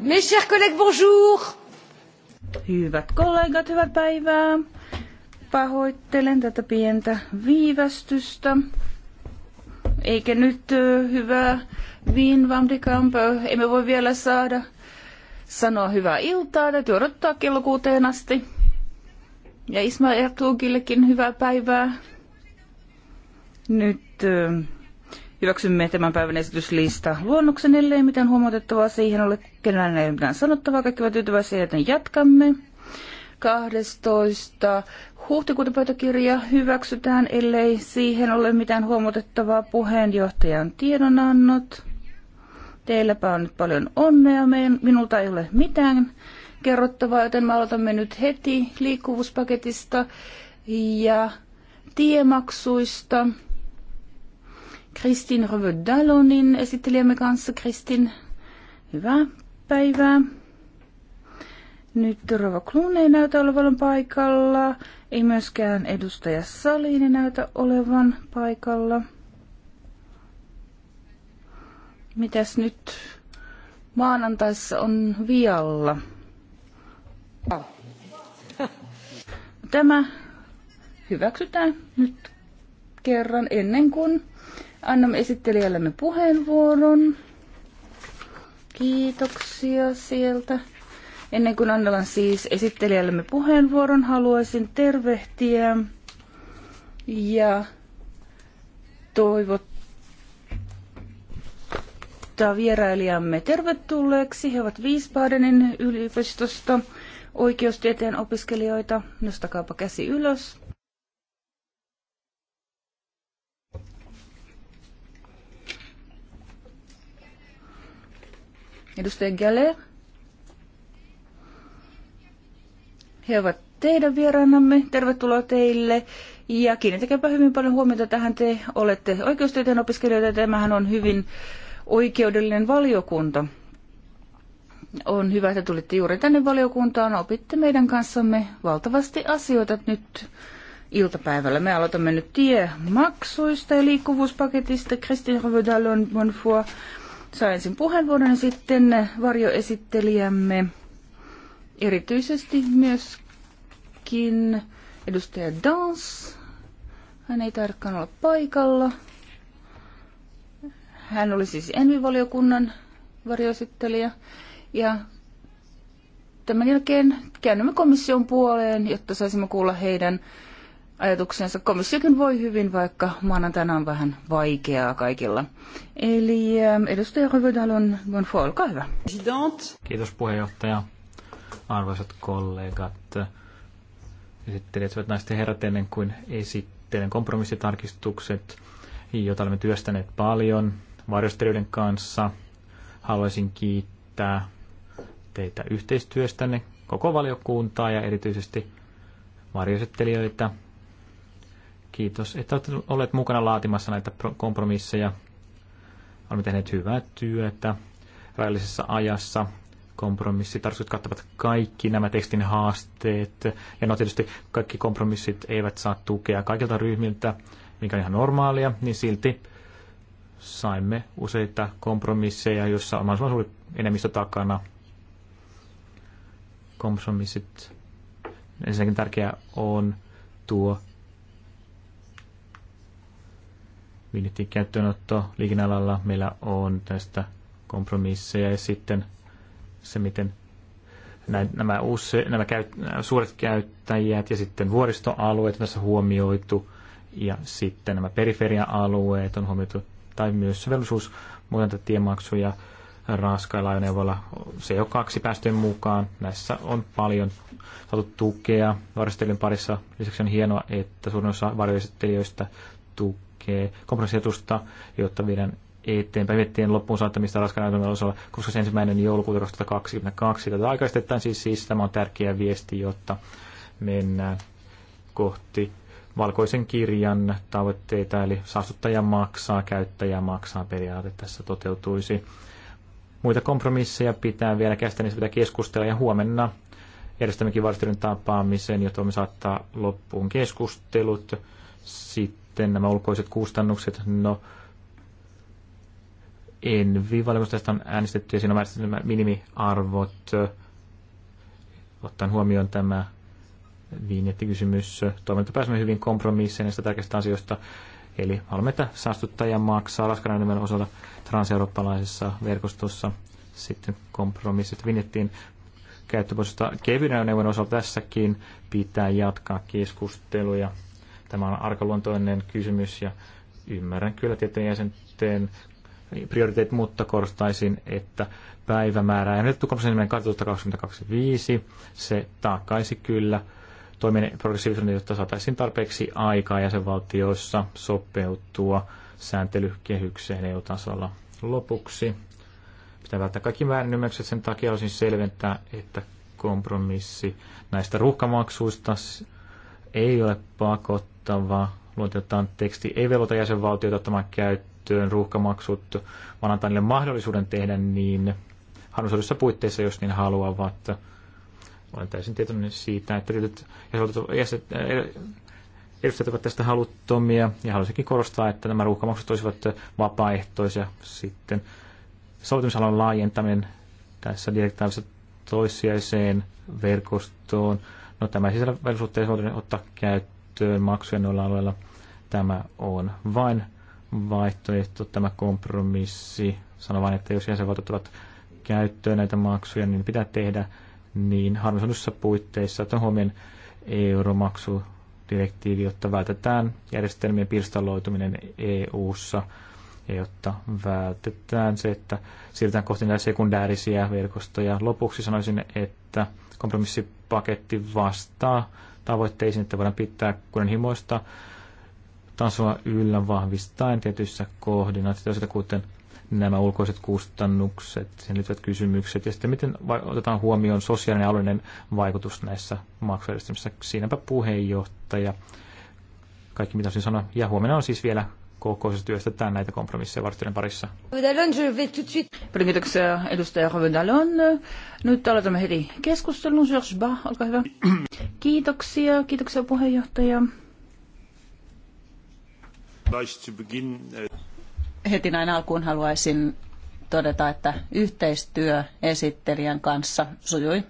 Mes chers collègues, bonjour. Hyvät kollegat, hyvää päivää. Pahoittelen tätä pientä viivästystä. Eikä nyt hyvää Vin Vamdikamp. Emme voi vielä saada sanoa hyvää iltaa. Täytyy odottaa kello kuuteen asti ja Ismail Tuukillekin hyvää päivää. Nyt hyväksymme tämän päivän esityslista luonnoksen, ellei mitään huomautettavaa siihen ole. Kenellään ei ole mitään sanottavaa, kaikki ovat tyytyväisiä, joten jatkamme. 12. huhtikuuta pöytäkirja hyväksytään, ellei siihen ole mitään huomautettavaa puheenjohtajan tiedonannot. Teilläpä on nyt paljon onnea, minulta ei ole mitään kerrottavaa, joten me aloitamme nyt heti liikkuvuuspaketista ja tiemaksuista. Kristin Rövödalonin esittelijämme kanssa. Kristin, hyvää päivää. Nyt Rova Kluun ei näytä olevan paikalla. Ei myöskään edustaja Salini näytä olevan paikalla. Mitäs nyt maanantaissa on vialla? Tämä hyväksytään nyt kerran ennen kuin annamme esittelijällemme puheenvuoron. Kiitoksia sieltä. Ennen kuin annan siis esittelijällemme puheenvuoron, haluaisin tervehtiä ja toivottaa vierailijamme tervetulleeksi. He ovat Wiesbadenin yliopistosta oikeustieteen opiskelijoita. Nostakaapa käsi ylös. Edustaja Galler. He ovat teidän vieraanamme. Tervetuloa teille. Ja kiinnitäkääpä hyvin paljon huomiota tähän. Te olette oikeustieteen opiskelijoita ja tämähän on hyvin oikeudellinen valiokunta. On hyvä, että tulitte juuri tänne valiokuntaan. Opitte meidän kanssamme valtavasti asioita nyt iltapäivällä. Me aloitamme nyt maksuista ja liikkuvuuspaketista. Kristin Rövedalon Bonfoy saa ensin puheenvuoron sitten varjoesittelijämme. Erityisesti myöskin edustaja Dans. Hän ei tarkkaan olla paikalla. Hän oli siis Envivaliokunnan varjoesittelijä. Ja tämän jälkeen käännymme komission puoleen, jotta saisimme kuulla heidän ajatuksensa. Komissiokin voi hyvin, vaikka maanantaina on vähän vaikeaa kaikilla. Eli ähm, edustaja Rövedalon Bonfoy, olkaa hyvä. Kiitos puheenjohtaja. Arvoisat kollegat, esittelijät, hyvät naiset herrat, ennen kuin esittelen kompromissitarkistukset, joita olemme työstäneet paljon varjostelijoiden kanssa, haluaisin kiittää teitä yhteistyöstänne, koko valiokuntaa ja erityisesti varjosettelijoita. Kiitos, että olet mukana laatimassa näitä kompromisseja. Olemme tehneet hyvää työtä rajallisessa ajassa. Kompromissitarkoitukset kattavat kaikki nämä tekstin haasteet. Ja no tietysti kaikki kompromissit eivät saa tukea kaikilta ryhmiltä, mikä on ihan normaalia, niin silti saimme useita kompromisseja, joissa on mahdollisimman suuri enemmistö takana – kompromissit. Ensinnäkin tärkeää on tuo vinjetin käyttöönotto liikennealalla. Meillä on tästä kompromisseja ja sitten se, miten näin, nämä, uusi, nämä käyt, suuret käyttäjät ja sitten vuoristoalueet on tässä huomioitu ja sitten nämä periferia-alueet on huomioitu tai myös sovellisuus muuten tiemaksuja raskailla ajoneuvoilla CO2 päästöjen mukaan. Näissä on paljon saatu tukea varjostelijan parissa. Lisäksi on hienoa, että suurin osa varjostelijoista tukee kompromissietusta, jotta viedään eteenpäin miettien loppuun saattamista raskaan osalla, koska se ensimmäinen joulukuuta 2022 tätä aikaistetaan. Siis, siis tämä on tärkeä viesti, jotta mennään kohti valkoisen kirjan tavoitteita, eli saastuttaja maksaa, käyttäjä maksaa periaate tässä toteutuisi. Muita kompromisseja pitää vielä käsitellä, niistä pitää keskustella ja huomenna järjestämmekin valistelun tapaamisen, jota me saattaa loppuun keskustelut. Sitten nämä ulkoiset kustannukset, no en valmista tästä on äänestetty ja siinä on määrätty nämä minimiarvot, ottaen huomioon tämä vinjettikysymys. Toivon, että pääsemme hyvin kompromisseja näistä tärkeistä asioista. Eli haluamme, että saastuttaja maksaa laskennan osalta transeurooppalaisessa verkostossa sitten kompromissit vinjettiin käyttöpoistosta kevyen ajoneuvon osalta tässäkin pitää jatkaa keskusteluja. Tämä on arkaluontoinen kysymys ja ymmärrän kyllä tiettyjen jäsenten prioriteetit, mutta korostaisin, että päivämäärää ehdotettu kompromissin 2025, se takaisi kyllä toimien progressiivisuuden, jotta saataisiin tarpeeksi aikaa jäsenvaltioissa sopeutua sääntelykehykseen EU-tasolla. Lopuksi pitää välttää kaikki väärennymykset, sen takia olisin selventää, että kompromissi näistä ruuhkamaksuista ei ole pakottava. Luotetaan teksti ei velvoita jäsenvaltioita ottamaan käyttöön ruuhkamaksut, vaan antaa niille mahdollisuuden tehdä niin harmonisoidussa puitteissa, jos niin haluavat olen täysin tietoinen siitä, että tietyt eh, edustajat ovat tästä haluttomia ja haluaisinkin korostaa, että nämä ruuhkamaksut olisivat vapaaehtoisia. Sitten soveltamisalan laajentaminen tässä direktiivissä toissijaiseen verkostoon. No tämä sisällä velvollisuuteen ottaa käyttöön maksujen noilla alueilla. Tämä on vain vaihtoehto, tämä kompromissi. Sano vain, että jos jäsenvaltiot ovat käyttöön näitä maksuja, niin pitää tehdä niin harmonisoidussa puitteissa, että huomioon euromaksudirektiivi, jotta vältetään järjestelmien pirstaloituminen EU-ssa ja jotta vältetään se, että siirrytään kohti näitä sekundäärisiä verkostoja. Lopuksi sanoisin, että kompromissipaketti vastaa tavoitteisiin, että voidaan pitää kunnianhimoista tasoa yllä vahvistaen tietyissä koordinaatioissa, kuten nämä ulkoiset kustannukset, sen liittyvät kysymykset ja sitten miten otetaan huomioon sosiaalinen ja alueellinen vaikutus näissä maksujärjestelmissä. Siinäpä puheenjohtaja. Kaikki mitä olisin sanoa. Ja huomenna on siis vielä työstä työstetään näitä kompromisseja vartijoiden parissa. kiitoksia edustaja Rovedalon. Nyt aloitamme heti keskustelun. Georges olkaa hyvä. Kiitoksia, kiitoksia puheenjohtaja heti näin alkuun haluaisin todeta, että yhteistyö esittelijän kanssa sujui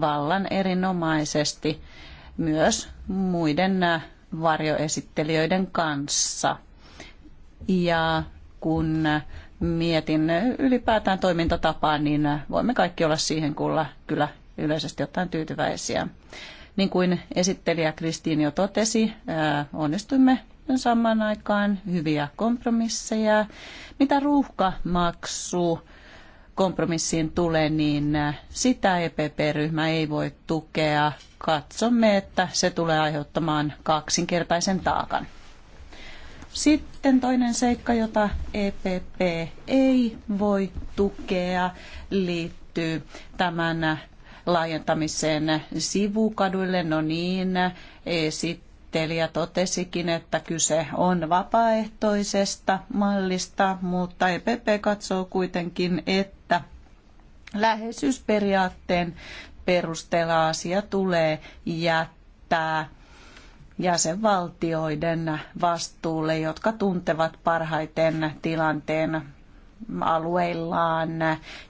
vallan erinomaisesti myös muiden äh, varjoesittelijöiden kanssa. Ja kun äh, mietin ylipäätään toimintatapaa, niin äh, voimme kaikki olla siihen kyllä, kyllä yleisesti ottaen tyytyväisiä. Niin kuin esittelijä Kristiin jo totesi, onnistuimme samaan aikaan hyviä kompromisseja. Mitä ruuhkamaksu kompromissiin tulee, niin sitä EPP-ryhmä ei voi tukea. Katsomme, että se tulee aiheuttamaan kaksinkertaisen taakan. Sitten toinen seikka, jota EPP ei voi tukea, liittyy tämän laajentamiseen sivukaduille. No niin, sit esittelijä totesikin, että kyse on vapaaehtoisesta mallista, mutta EPP katsoo kuitenkin, että läheisyysperiaatteen perusteella asia tulee jättää jäsenvaltioiden vastuulle, jotka tuntevat parhaiten tilanteen alueillaan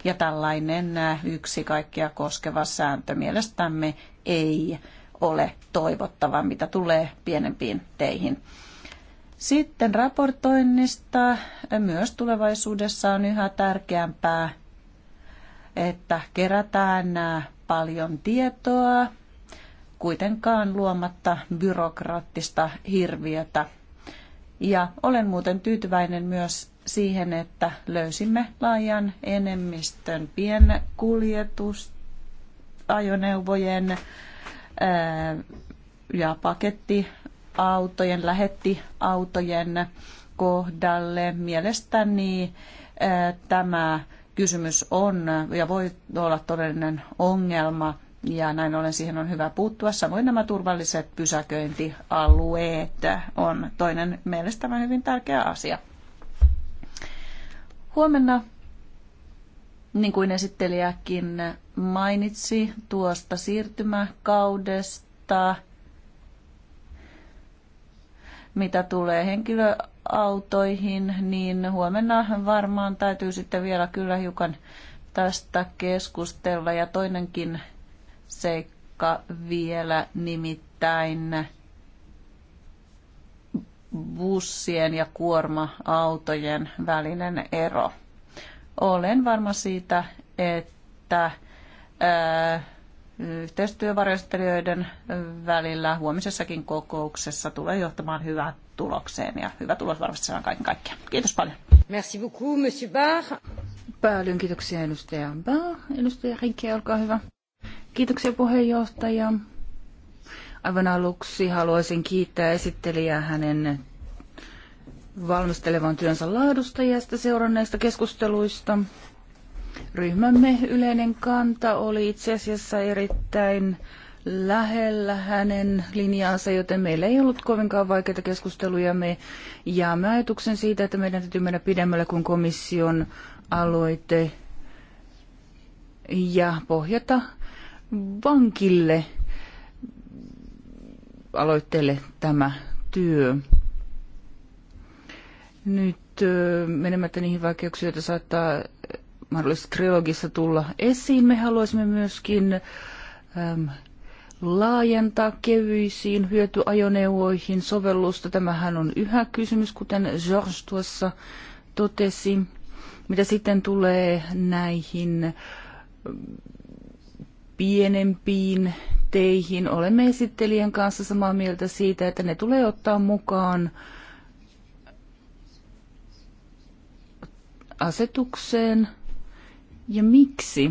ja tällainen yksi kaikkia koskeva sääntö mielestämme ei ole toivottava, mitä tulee pienempiin teihin. Sitten raportoinnista myös tulevaisuudessa on yhä tärkeämpää, että kerätään paljon tietoa, kuitenkaan luomatta byrokraattista hirviötä. Ja olen muuten tyytyväinen myös siihen, että löysimme laajan enemmistön pienkuljetusajoneuvojen ja pakettiautojen, lähettiautojen kohdalle. Mielestäni tämä kysymys on ja voi olla todellinen ongelma ja näin ollen siihen on hyvä puuttua. Samoin nämä turvalliset pysäköintialueet on toinen mielestäni hyvin tärkeä asia. Huomenna, niin kuin esittelijäkin mainitsi tuosta siirtymäkaudesta, mitä tulee henkilöautoihin, niin huomenna varmaan täytyy sitten vielä kyllä hiukan tästä keskustella. Ja toinenkin seikka vielä, nimittäin bussien ja kuorma-autojen välinen ero. Olen varma siitä, että yhteistyövarjostelijoiden välillä huomisessakin kokouksessa tulee johtamaan hyvään tulokseen ja hyvä tulos varmasti saadaan kaiken kaikkiaan. Kiitos paljon. Merci beaucoup, monsieur Barr. Paljon kiitoksia edustaja Barr. Edustaja Rinke, olkaa hyvä. Kiitoksia puheenjohtaja. Aivan aluksi haluaisin kiittää esittelijää hänen valmistelevan työnsä laadusta ja sitä seuranneista keskusteluista ryhmämme yleinen kanta oli itse asiassa erittäin lähellä hänen linjaansa, joten meillä ei ollut kovinkaan vaikeita keskusteluja. Me jaamme ajatuksen siitä, että meidän täytyy mennä pidemmälle kuin komission aloite ja pohjata vankille aloitteelle tämä työ. Nyt menemättä niihin vaikeuksiin, joita saattaa mahdollisesti trilogissa tulla esiin. Me haluaisimme myöskin äm, laajentaa kevyisiin hyötyajoneuvoihin sovellusta. Tämähän on yhä kysymys, kuten George tuossa totesi. Mitä sitten tulee näihin äh, pienempiin teihin, olemme esittelijän kanssa samaa mieltä siitä, että ne tulee ottaa mukaan asetukseen – ja miksi?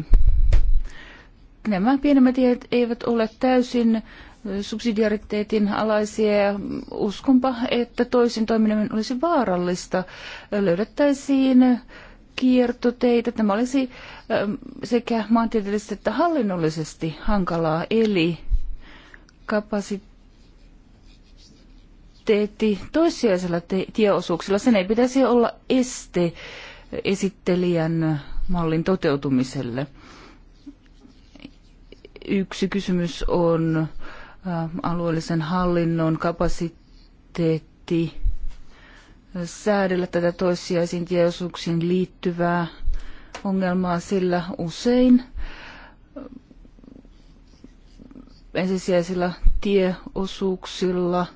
Nämä pienemmät tiet eivät ole täysin subsidiariteetin alaisia ja uskonpa, että toisin toimiminen olisi vaarallista. Löydettäisiin kiertoteitä. Tämä olisi ähm, sekä maantieteellisesti että hallinnollisesti hankalaa, eli kapasiteetti toissijaisella tieosuuksilla. Sen ei pitäisi olla este esittelijän mallin toteutumiselle. Yksi kysymys on äh, alueellisen hallinnon kapasiteetti äh, säädellä tätä toissijaisiin tieosuuksiin liittyvää ongelmaa, sillä usein äh, ensisijaisilla tieosuuksilla –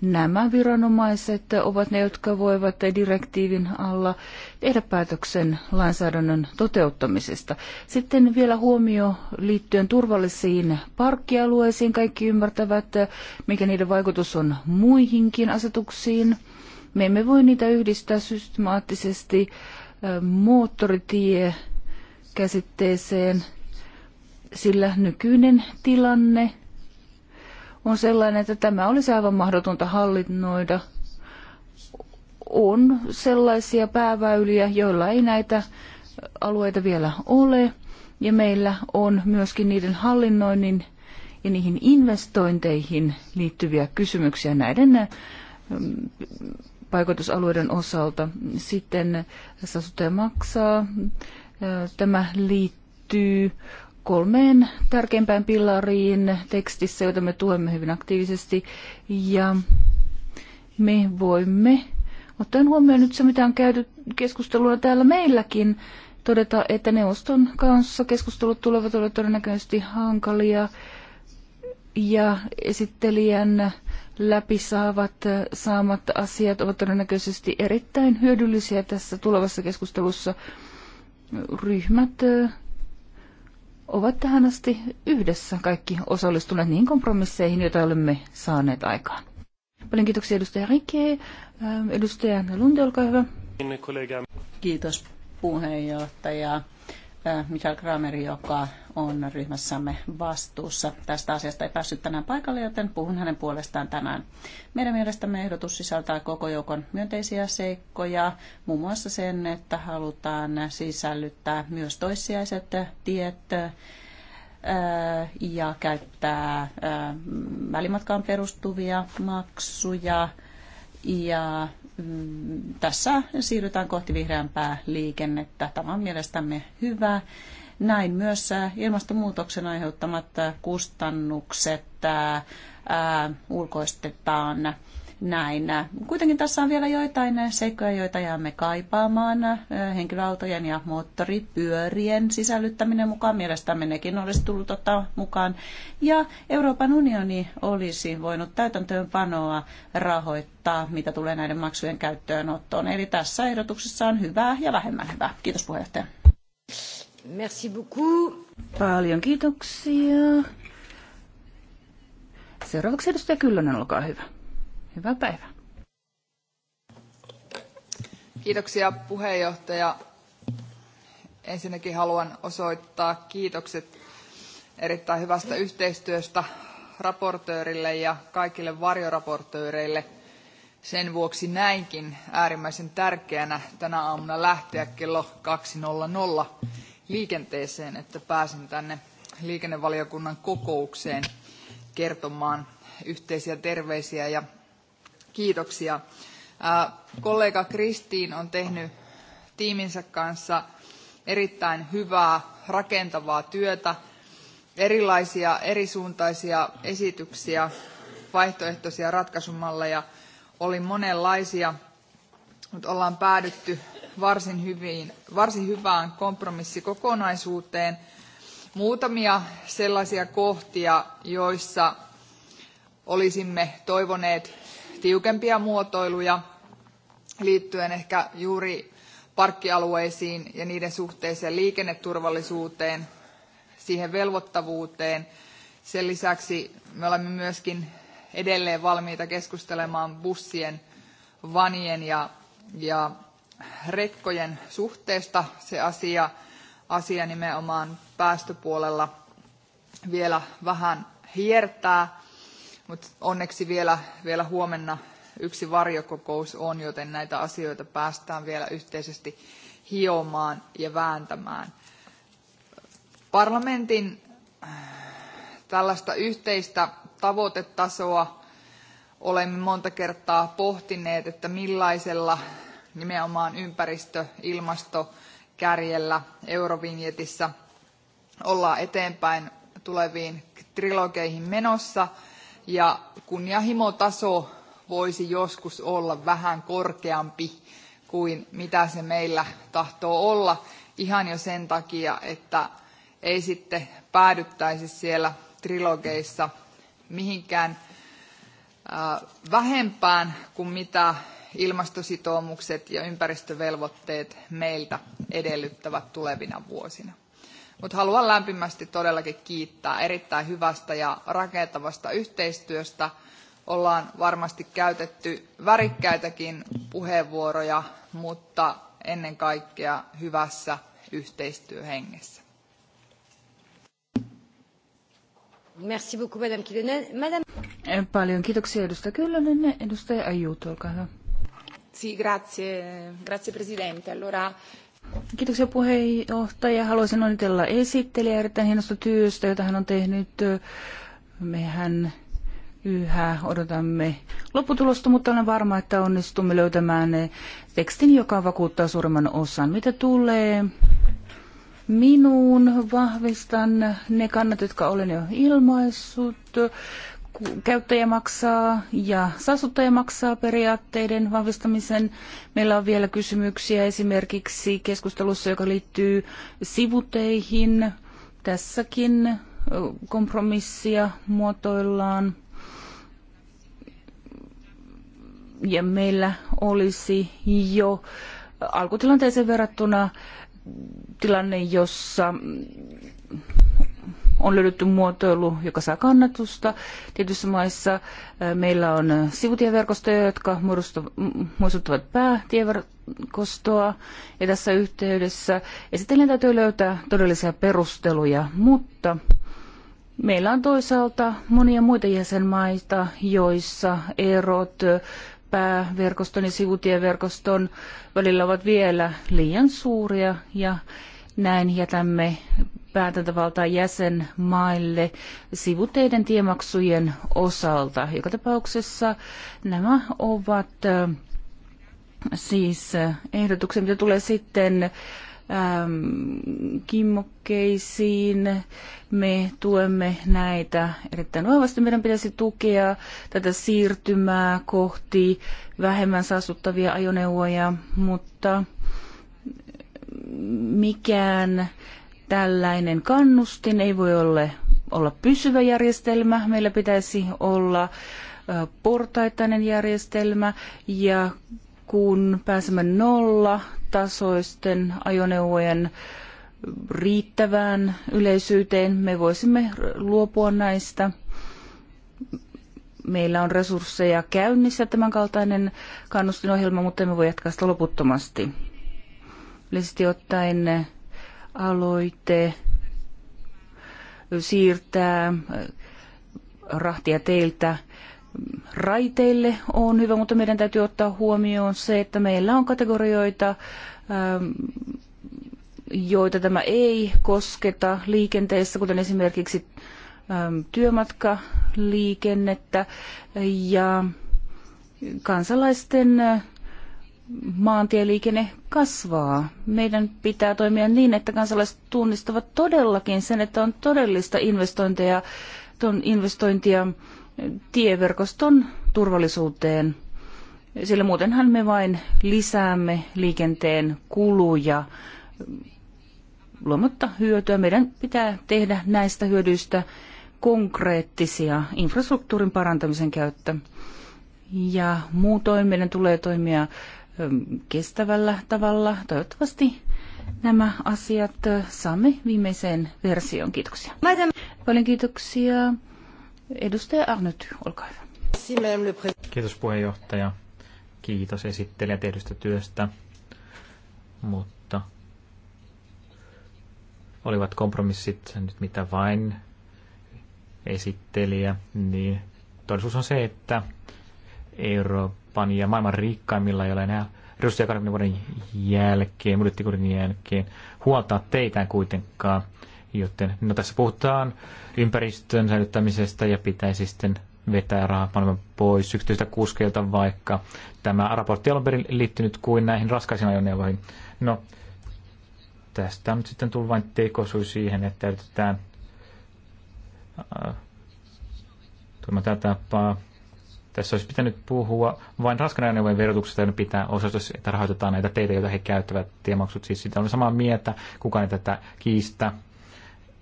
nämä viranomaiset ovat ne, jotka voivat direktiivin alla tehdä päätöksen lainsäädännön toteuttamisesta. Sitten vielä huomio liittyen turvallisiin parkkialueisiin. Kaikki ymmärtävät, mikä niiden vaikutus on muihinkin asetuksiin. Me emme voi niitä yhdistää systemaattisesti moottoritie käsitteeseen, sillä nykyinen tilanne – on sellainen, että tämä olisi aivan mahdotonta hallinnoida. On sellaisia pääväyliä, joilla ei näitä alueita vielä ole, ja meillä on myöskin niiden hallinnoinnin ja niihin investointeihin liittyviä kysymyksiä näiden mm, paikoitusalueiden osalta. Sitten Sasute maksaa. Tämä liittyy kolmeen tärkeimpään pilariin tekstissä, joita me tuemme hyvin aktiivisesti. Ja me voimme, ottaen huomioon nyt se, mitä on käyty keskustelua täällä meilläkin, todeta, että neuvoston kanssa keskustelut tulevat olla todennäköisesti hankalia ja esittelijän läpi saavat, saamat asiat ovat todennäköisesti erittäin hyödyllisiä tässä tulevassa keskustelussa. Ryhmät ovat tähän asti yhdessä kaikki osallistuneet niin kompromisseihin, joita olemme saaneet aikaan. Paljon kiitoksia edustaja Rikki. Ähm, edustaja Lundi, olkaa hyvä. Kiitos puheenjohtaja. Michael Kramer, joka on ryhmässämme vastuussa tästä asiasta, ei päässyt tänään paikalle, joten puhun hänen puolestaan tänään. Meidän mielestämme ehdotus sisältää koko joukon myönteisiä seikkoja, muun muassa sen, että halutaan sisällyttää myös toissijaiset tiet ja käyttää välimatkaan perustuvia maksuja ja Mm, tässä siirrytään kohti vihreämpää liikennettä. Tämä on mielestämme hyvä. Näin myös äh, ilmastonmuutoksen aiheuttamat äh, kustannukset äh, ulkoistetaan näin. Kuitenkin tässä on vielä joitain seikkoja, joita jäämme kaipaamaan. Henkilöautojen ja moottoripyörien sisällyttäminen mukaan mielestämme nekin olisi tullut ottaa mukaan. Ja Euroopan unioni olisi voinut täytäntöönpanoa rahoittaa, mitä tulee näiden maksujen käyttöönottoon. Eli tässä ehdotuksessa on hyvää ja vähemmän hyvää. Kiitos puheenjohtaja. Merci beaucoup. Paljon kiitoksia. Seuraavaksi edustaja Kyllönen, olkaa hyvä. Hyvää päivää. Kiitoksia puheenjohtaja. Ensinnäkin haluan osoittaa kiitokset erittäin hyvästä yhteistyöstä raportöörille ja kaikille varjoraportööreille. Sen vuoksi näinkin äärimmäisen tärkeänä tänä aamuna lähteä kello 2.00 liikenteeseen, että pääsin tänne liikennevaliokunnan kokoukseen kertomaan yhteisiä terveisiä ja kiitoksia. Kollega Kristiin on tehnyt tiiminsä kanssa erittäin hyvää, rakentavaa työtä, erilaisia erisuuntaisia esityksiä, vaihtoehtoisia ratkaisumalleja oli monenlaisia, mutta ollaan päädytty varsin, varsin hyvään kompromissikokonaisuuteen. Muutamia sellaisia kohtia, joissa olisimme toivoneet tiukempia muotoiluja liittyen ehkä juuri parkkialueisiin ja niiden suhteeseen liikenneturvallisuuteen, siihen velvoittavuuteen. Sen lisäksi me olemme myöskin edelleen valmiita keskustelemaan bussien, vanien ja, ja rekkojen suhteesta. Se asia, asia nimenomaan päästöpuolella vielä vähän hiertää. Mutta onneksi vielä, vielä huomenna yksi varjokokous on, joten näitä asioita päästään vielä yhteisesti hiomaan ja vääntämään. Parlamentin äh, tällaista yhteistä tavoitetasoa olemme monta kertaa pohtineet, että millaisella nimenomaan ympäristö, ilmasto, kärjellä Eurovinjetissä ollaan eteenpäin tuleviin trilogeihin menossa – ja kunnianhimotaso voisi joskus olla vähän korkeampi kuin mitä se meillä tahtoo olla ihan jo sen takia, että ei sitten päädyttäisi siellä trilogeissa mihinkään vähempään kuin mitä ilmastositoumukset ja ympäristövelvoitteet meiltä edellyttävät tulevina vuosina. Mutta haluan lämpimästi todellakin kiittää erittäin hyvästä ja rakentavasta yhteistyöstä. Ollaan varmasti käytetty värikkäitäkin puheenvuoroja, mutta ennen kaikkea hyvässä yhteistyöhengessä. Merci beaucoup, Madame Kilonen. Madame... Eh, paljon kiitoksia edustaja Kyllönen. Edustaja Ajuut, olkaa hyvä. Sì, grazie, grazie Presidente. Allora, Kiitoksia puheenjohtaja. Haluaisin onnitella esittelijä erittäin hienosta työstä, jota hän on tehnyt. Mehän yhä odotamme lopputulosta, mutta olen varma, että onnistumme löytämään tekstin, joka vakuuttaa suurimman osan. Mitä tulee minuun, vahvistan ne kannat, jotka olen jo ilmaissut käyttäjä maksaa ja saastuttaja maksaa periaatteiden vahvistamisen. Meillä on vielä kysymyksiä esimerkiksi keskustelussa, joka liittyy sivuteihin. Tässäkin kompromissia muotoillaan. Ja meillä olisi jo alkutilanteeseen verrattuna tilanne, jossa on löydetty muotoilu, joka saa kannatusta. Tietyissä maissa meillä on sivutieverkostoja, jotka muistuttavat päätieverkostoa. Ja tässä yhteydessä esittelijän täytyy löytää todellisia perusteluja, mutta meillä on toisaalta monia muita jäsenmaita, joissa erot pääverkoston ja sivutieverkoston välillä ovat vielä liian suuria ja näin jätämme päätäntävaltaa jäsenmaille sivuteiden tiemaksujen osalta. Joka tapauksessa nämä ovat siis ehdotuksia, mitä tulee sitten kimmokkeisiin. Me tuemme näitä erittäin vahvasti. Meidän pitäisi tukea tätä siirtymää kohti vähemmän saastuttavia ajoneuvoja, mutta mikään Tällainen kannustin ei voi olla, olla pysyvä järjestelmä. Meillä pitäisi olla portaittainen järjestelmä ja kun pääsemme nolla tasoisten ajoneuvojen riittävään yleisyyteen, me voisimme luopua näistä. Meillä on resursseja käynnissä tämän kaltainen kannustinohjelma, mutta emme voi jatkaa sitä loputtomasti. Yleisesti ottaen aloite siirtää rahtia teiltä raiteille on hyvä, mutta meidän täytyy ottaa huomioon se, että meillä on kategorioita, ähm, joita tämä ei kosketa liikenteessä, kuten esimerkiksi ähm, työmatkaliikennettä ja kansalaisten äh, maantieliikenne kasvaa. Meidän pitää toimia niin, että kansalaiset tunnistavat todellakin sen, että on todellista investointeja, on investointia tieverkoston turvallisuuteen. Sillä muutenhan me vain lisäämme liikenteen kuluja luomatta hyötyä. Meidän pitää tehdä näistä hyödyistä konkreettisia infrastruktuurin parantamisen käyttö. Ja muutoin meidän tulee toimia kestävällä tavalla. Toivottavasti nämä asiat saamme viimeiseen versioon. Kiitoksia. Paljon kiitoksia. Edustaja Arnyt, olkaa hyvä. Kiitos puheenjohtaja. Kiitos esittelijä tehdystä työstä. Mutta olivat kompromissit nyt mitä vain esittelijä, niin todellisuus on se, että Euroopan Espanja maailman rikkaimmilla, joilla enää russia 20 vuoden jälkeen, budjettikurin jälkeen, huoltaa teitä kuitenkaan. Joten no tässä puhutaan ympäristön säilyttämisestä ja pitäisi sitten vetää rahat maailman pois yksityistä kuskeilta, vaikka tämä raportti on perin liittynyt kuin näihin raskaisiin ajoneuvoihin. No, tästä on nyt sitten tullut vain tekosui siihen, että yritetään äh, tätä tapaa tässä olisi pitänyt puhua vain raskan ajoneuvojen verotuksesta, joiden pitää osata, että rahoitetaan näitä teitä, joita he käyttävät tiemaksut. Siis sitä on samaa mieltä, kukaan ei tätä kiistä.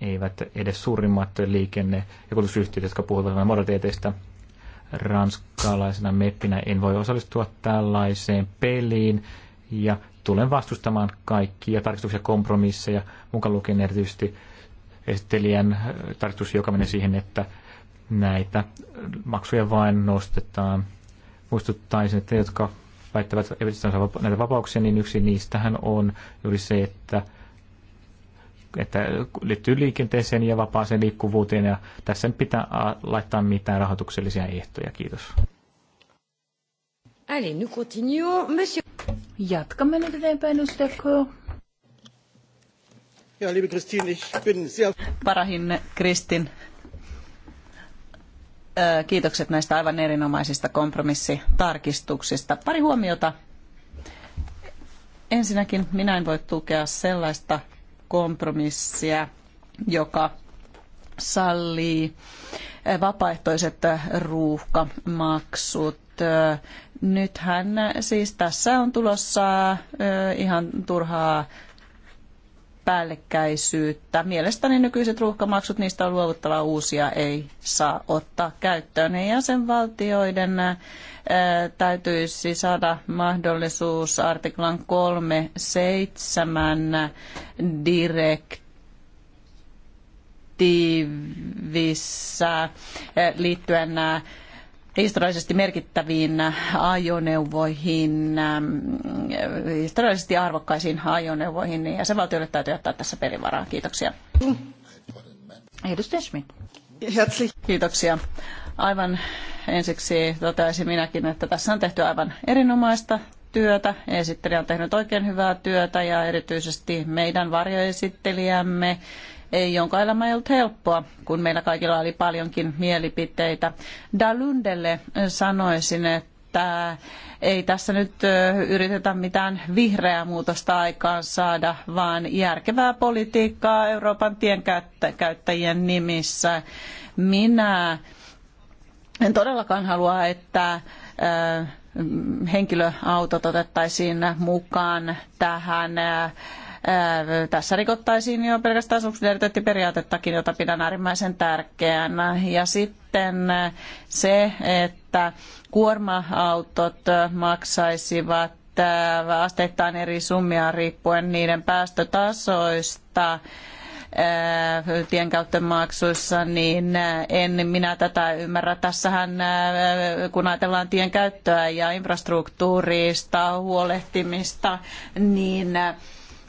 Eivät edes suurimmat liikenne- ja kulutusyhtiöt, jotka puhuvat vain modaliteeteista. Ranskalaisena meppinä en voi osallistua tällaiseen peliin ja tulen vastustamaan kaikkia tarkistuksia kompromisseja, mukaan lukien erityisesti esittelijän tarkistus, joka menee siihen, että näitä maksuja vain nostetaan. Muistuttaisin, että ne, jotka väittävät eivät näitä vapauksia, niin yksi niistähän on juuri se, että että liittyy liikenteeseen ja vapaaseen liikkuvuuteen, ja tässä nyt pitää laittaa mitään rahoituksellisia ehtoja. Kiitos. Allez, nous continuons, monsieur. Jatkamme nyt eteenpäin, Ja, liebe Christine, ich bin sehr... Parahin Kristin, kiitokset näistä aivan erinomaisista kompromissitarkistuksista. Pari huomiota. Ensinnäkin minä en voi tukea sellaista kompromissia, joka sallii vapaaehtoiset ruuhkamaksut. Nythän siis tässä on tulossa ihan turhaa päällekkäisyyttä. Mielestäni nykyiset ruuhkamaksut, niistä on luovuttava uusia, ei saa ottaa käyttöön. Ja jäsenvaltioiden ää, täytyisi saada mahdollisuus artiklan 3.7 direkt direktiivissä liittyen historiallisesti merkittäviin ajoneuvoihin, historiallisesti arvokkaisiin ajoneuvoihin, niin jäsenvaltioille täytyy jättää tässä pelivaraa. Kiitoksia. Edustaja Schmidt. Kiitoksia. Aivan ensiksi toteaisin minäkin, että tässä on tehty aivan erinomaista työtä. Esittelijä on tehnyt oikein hyvää työtä ja erityisesti meidän varjoesittelijämme jonka elämä ei ollut helppoa, kun meillä kaikilla oli paljonkin mielipiteitä. Dalundelle sanoisin, että ei tässä nyt yritetä mitään vihreää muutosta aikaan saada, vaan järkevää politiikkaa Euroopan tienkäyttäjien nimissä. Minä en todellakaan halua, että henkilöautot otettaisiin mukaan tähän tässä rikottaisiin jo pelkästään subsidiariteettiperiaatettakin, jota pidän äärimmäisen tärkeänä. Ja sitten se, että kuorma-autot maksaisivat asteittain eri summia riippuen niiden päästötasoista tienkäyttömaksuissa, niin en minä tätä ymmärrä. Tässähän kun ajatellaan tienkäyttöä ja infrastruktuurista huolehtimista, niin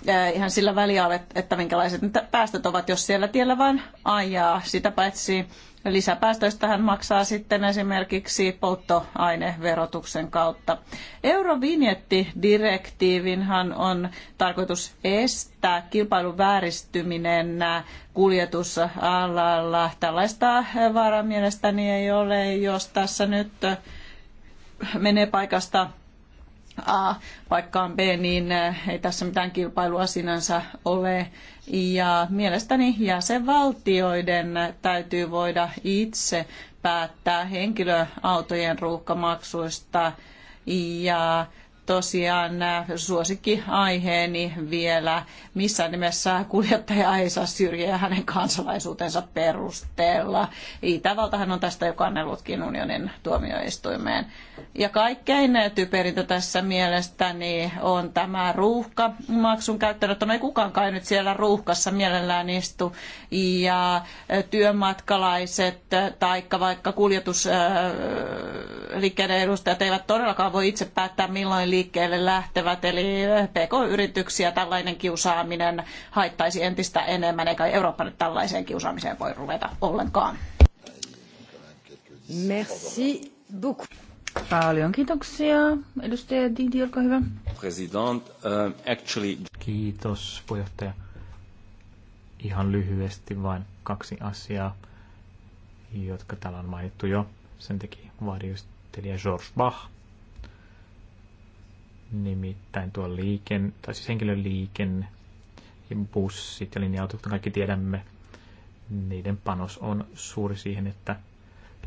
Äh, ihan sillä väliä, että minkälaiset päästöt ovat, jos siellä tiellä vaan ajaa. Sitä paitsi lisäpäästöistä hän maksaa sitten esimerkiksi polttoaineverotuksen kautta. Eurovinjettidirektiivinhan on tarkoitus estää kilpailun vääristyminen kuljetusalalla. Tällaista vaaraa mielestäni ei ole, jos tässä nyt menee paikasta A paikkaan B, niin eh, ei tässä mitään kilpailua sinänsä ole. Ja mielestäni jäsenvaltioiden täytyy voida itse päättää henkilöautojen ruuhkamaksuista ja tosiaan suosikki aiheeni vielä. Missään nimessä kuljettaja ei saa syrjiä hänen kansalaisuutensa perusteella. Itävaltahan on tästä jo kannellutkin unionin tuomioistuimeen. Ja kaikkein typerintä tässä mielestäni on tämä ruuhka. Maksun käyttöönotto, no ei kukaan kai nyt siellä ruuhkassa mielellään istu. Ja työmatkalaiset tai vaikka kuljetusliikkeiden äh, edustajat eivät todellakaan voi itse päättää milloin liikkeelle lähtevät, eli PK-yrityksiä tällainen kiusaaminen haittaisi entistä enemmän, eikä Eurooppa nyt tällaiseen kiusaamiseen voi ruveta ollenkaan. Merci beaucoup. Paljon kiitoksia. Edustaja Didi, olkaa hyvä. President, uh, actually... Kiitos, puheenjohtaja. Ihan lyhyesti vain kaksi asiaa, jotka täällä on mainittu jo. Sen teki varjostelija George Bach nimittäin tuo liiken, tai siis henkilöliikenne, ja bussit ja linja-autot, kuten kaikki tiedämme, niiden panos on suuri siihen, että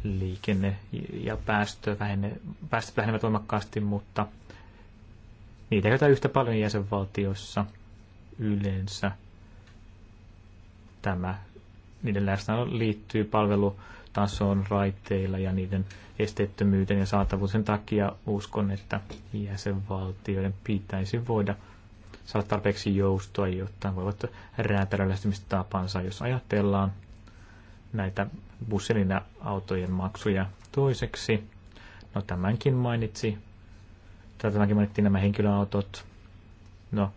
liikenne ja päästö vähenne, päästöt vähenevät voimakkaasti, mutta niitä käytetään yhtä paljon jäsenvaltioissa yleensä. Tämä, niiden läsnäolo liittyy palvelu tason raiteilla ja niiden esteettömyyden ja saatavuuden takia uskon, että jäsenvaltioiden pitäisi voida saada tarpeeksi joustoa, jotta voivat räätälöidä lähestymistapansa, jos ajatellaan näitä bussin autojen maksuja toiseksi. No tämänkin mainitsi, tai tämäkin mainittiin nämä henkilöautot. No,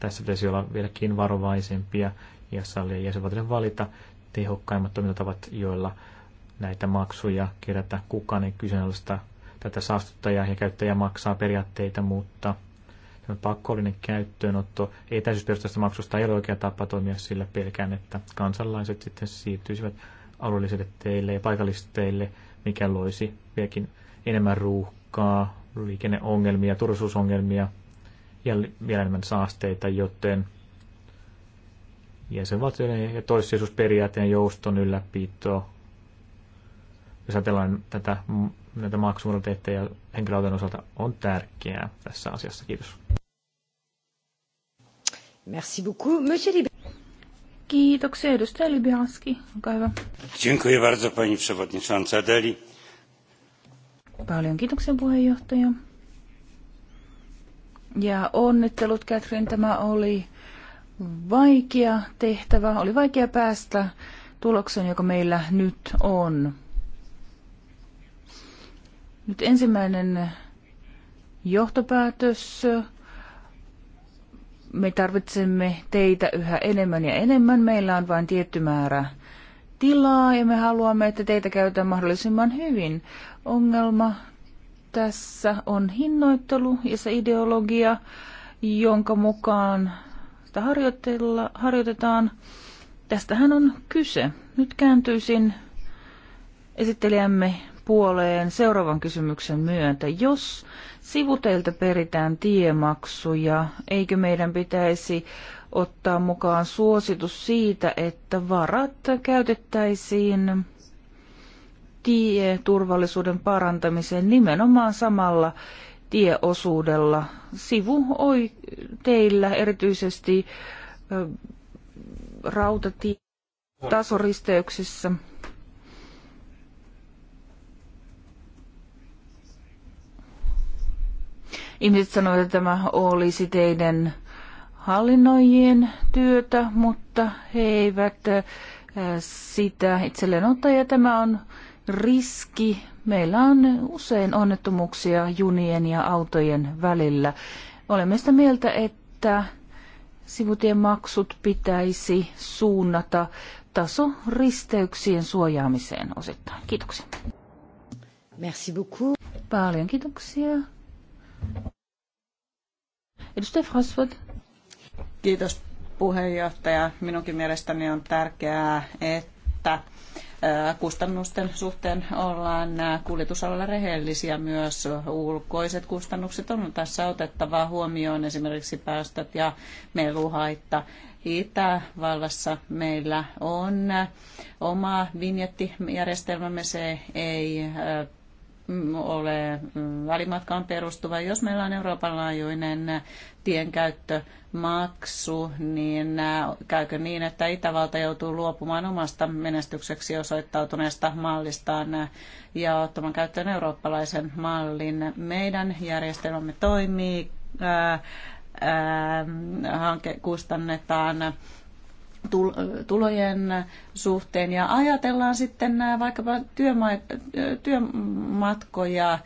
tässä pitäisi olla vieläkin varovaisempia ja sallia jäsenvaltioiden valita tehokkaimmat toimintatavat, joilla näitä maksuja kerätä. Kukaan ei kyseenalaista tätä saastuttajaa ja käyttäjä maksaa periaatteita, mutta pakollinen käyttöönotto ei maksusta ei ole oikea tapa toimia sillä pelkään, että kansalaiset sitten siirtyisivät alueellisille teille ja paikallisteille, mikä loisi vieläkin enemmän ruuhkaa, liikenneongelmia, turvallisuusongelmia ja vielä enemmän saasteita, joten jäsenvaltioiden ja toissijaisuusperiaatteen jouston ylläpito. Jos ajatellaan tätä, näitä ja henkilöauton osalta on tärkeää tässä asiassa. Kiitos. Merci beaucoup, monsieur Lib- Kiitoksia, edustaja Libianski. Olkaa hyvä. Dziękuję bardzo, pani przewodnicząca Deli. Paljon kiitoksia, puheenjohtaja. Ja onnittelut, Catherine, Tämä oli vaikea tehtävä, oli vaikea päästä tulokseen, joka meillä nyt on. Nyt ensimmäinen johtopäätös. Me tarvitsemme teitä yhä enemmän ja enemmän. Meillä on vain tietty määrä tilaa ja me haluamme, että teitä käytetään mahdollisimman hyvin. Ongelma tässä on hinnoittelu ja se ideologia, jonka mukaan harjoitella, harjoitetaan. Tästähän on kyse. Nyt kääntyisin esittelijämme puoleen seuraavan kysymyksen myötä. Jos sivuteilta peritään tiemaksuja, eikö meidän pitäisi ottaa mukaan suositus siitä, että varat käytettäisiin tieturvallisuuden parantamiseen nimenomaan samalla tieosuudella sivu oi teillä erityisesti rautatietasoristeyksissä. tasoristeyksissä. Ihmiset sanoivat, että tämä olisi teidän hallinnoijien työtä, mutta he eivät sitä itselleen ottaa. Ja tämä on riski meillä on usein onnettomuuksia junien ja autojen välillä. Olemme sitä mieltä, että sivutien maksut pitäisi suunnata taso risteyksien suojaamiseen osittain. Kiitoksia. Merci beaucoup. Paljon kiitoksia. Edustaja Frasvot. Kiitos puheenjohtaja. Minunkin mielestäni on tärkeää, että kustannusten suhteen ollaan kuljetusalalla rehellisiä myös. Ulkoiset kustannukset on tässä otettava huomioon, esimerkiksi päästöt ja meluhaitta. Itävallassa meillä on oma vinjettijärjestelmämme, se ei ole välimatkaan perustuva. Jos meillä on Euroopan laajuinen tienkäyttömaksu, niin käykö niin, että Itävalta joutuu luopumaan omasta menestykseksi osoittautuneesta mallistaan ja ottamaan käyttöön eurooppalaisen mallin? Meidän järjestelmämme toimii, ää, ää, hanke kustannetaan tulojen suhteen ja ajatellaan sitten vaikkapa työmatkoja,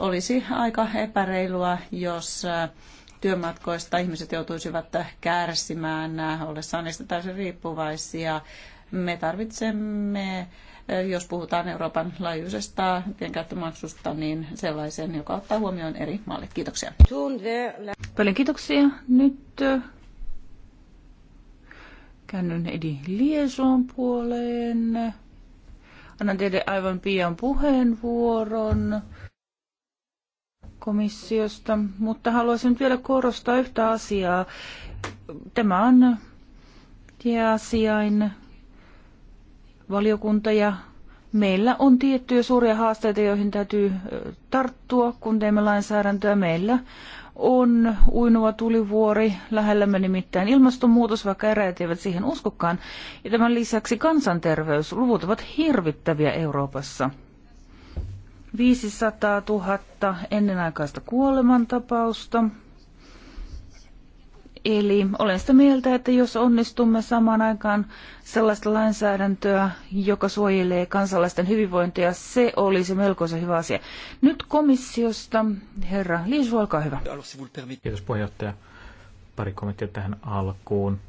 olisi aika epäreilua, jos työmatkoista ihmiset joutuisivat kärsimään ollessaan niistä täysin riippuvaisia. Me tarvitsemme, jos puhutaan Euroopan laajuisesta tienkäyttömaksusta, niin sellaisen, joka ottaa huomioon eri maalle. Kiitoksia. Paljon kiitoksia. Nyt Käännyn Edi Liesoon puoleen. Annan teille aivan pian puheenvuoron komissiosta, mutta haluaisin vielä korostaa yhtä asiaa. Tämä on tieasiain valiokunta ja meillä on tiettyjä suuria haasteita, joihin täytyy tarttua, kun teemme lainsäädäntöä. Meillä on uinuva tulivuori. Lähellämme nimittäin ilmastonmuutos, vaikka eräät eivät siihen uskokaan. Ja tämän lisäksi kansanterveysluvut ovat hirvittäviä Euroopassa. 500 000 ennenaikaista kuolemantapausta, Eli olen sitä mieltä, että jos onnistumme samaan aikaan sellaista lainsäädäntöä, joka suojelee kansalaisten hyvinvointia, se olisi melkoisen hyvä asia. Nyt komissiosta, herra Liisu, olkaa hyvä. Kiitos puheenjohtaja. Pari kommenttia tähän alkuun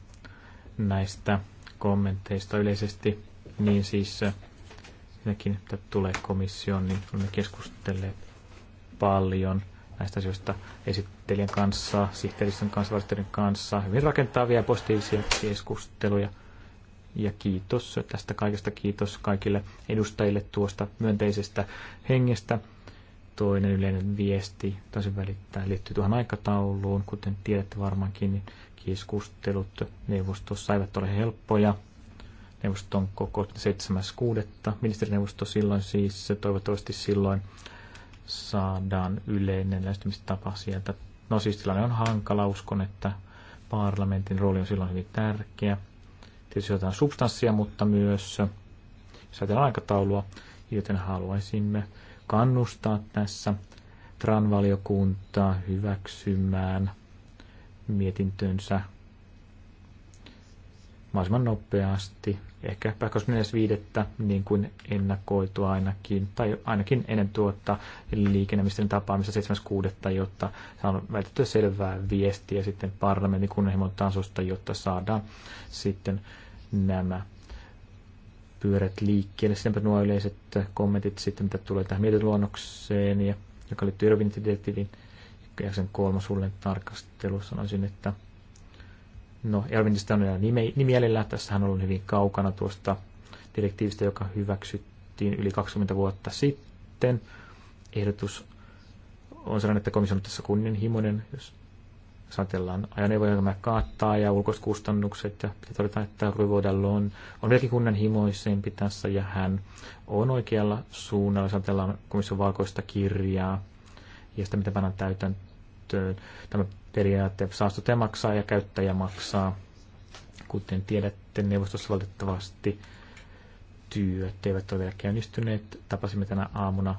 näistä kommenteista yleisesti. Niin siis äh, sinäkin, että tulee komissioon, niin olemme keskustelleet paljon näistä asioista esittelijän kanssa, sihteeristön kanssa, varustelijan kanssa. Hyvin rakentavia ja positiivisia keskusteluja. Ja kiitos tästä kaikesta. Kiitos kaikille edustajille tuosta myönteisestä hengestä. Toinen yleinen viesti tosin välittää liittyy tuohon aikatauluun. Kuten tiedätte varmaankin, niin keskustelut neuvostossa eivät ole helppoja neuvoston koko 7.6. Ministerineuvosto silloin siis, toivottavasti silloin saadaan yleinen lähestymistapa sieltä. No siis tilanne on hankala, uskon, että parlamentin rooli on silloin hyvin tärkeä. Tietysti jotain substanssia, mutta myös jos aikataulua, joten haluaisimme kannustaa tässä TRAN-valiokuntaa hyväksymään mietintönsä mahdollisimman nopeasti ehkä 25. niin kuin ennakoitua ainakin, tai ainakin ennen tuota liikennemisten tapaamista 7.6. jotta on vältettyä selvää viestiä sitten parlamentin kunnianhimon tasosta, jotta saadaan sitten nämä pyörät liikkeelle. sitten nuo yleiset kommentit sitten, mitä tulee tähän mietintöluonnokseen, ja, joka liittyy Eurovinittidirektiiviin ja sen kolmas tarkastelu. Sanoisin, että No, Elvinistä on nime, tässä hän on ollut hyvin kaukana tuosta direktiivistä, joka hyväksyttiin yli 20 vuotta sitten. Ehdotus on sellainen, että komissio on tässä kunnianhimoinen, jos ajatellaan ajoneuvoja, joka kaattaa ja ulkoiskustannukset. ja pitää todeta, että Ryvodal on, on vieläkin kunnianhimoisempi tässä ja hän on oikealla suunnalla, jos ajatellaan komission valkoista kirjaa ja sitä, mitä pannaan täytäntöön. Tämä periaate saastuttaja maksaa ja käyttäjä maksaa. Kuten tiedätte, neuvostossa valitettavasti työt eivät ole vielä käynnistyneet. Tapasimme tänä aamuna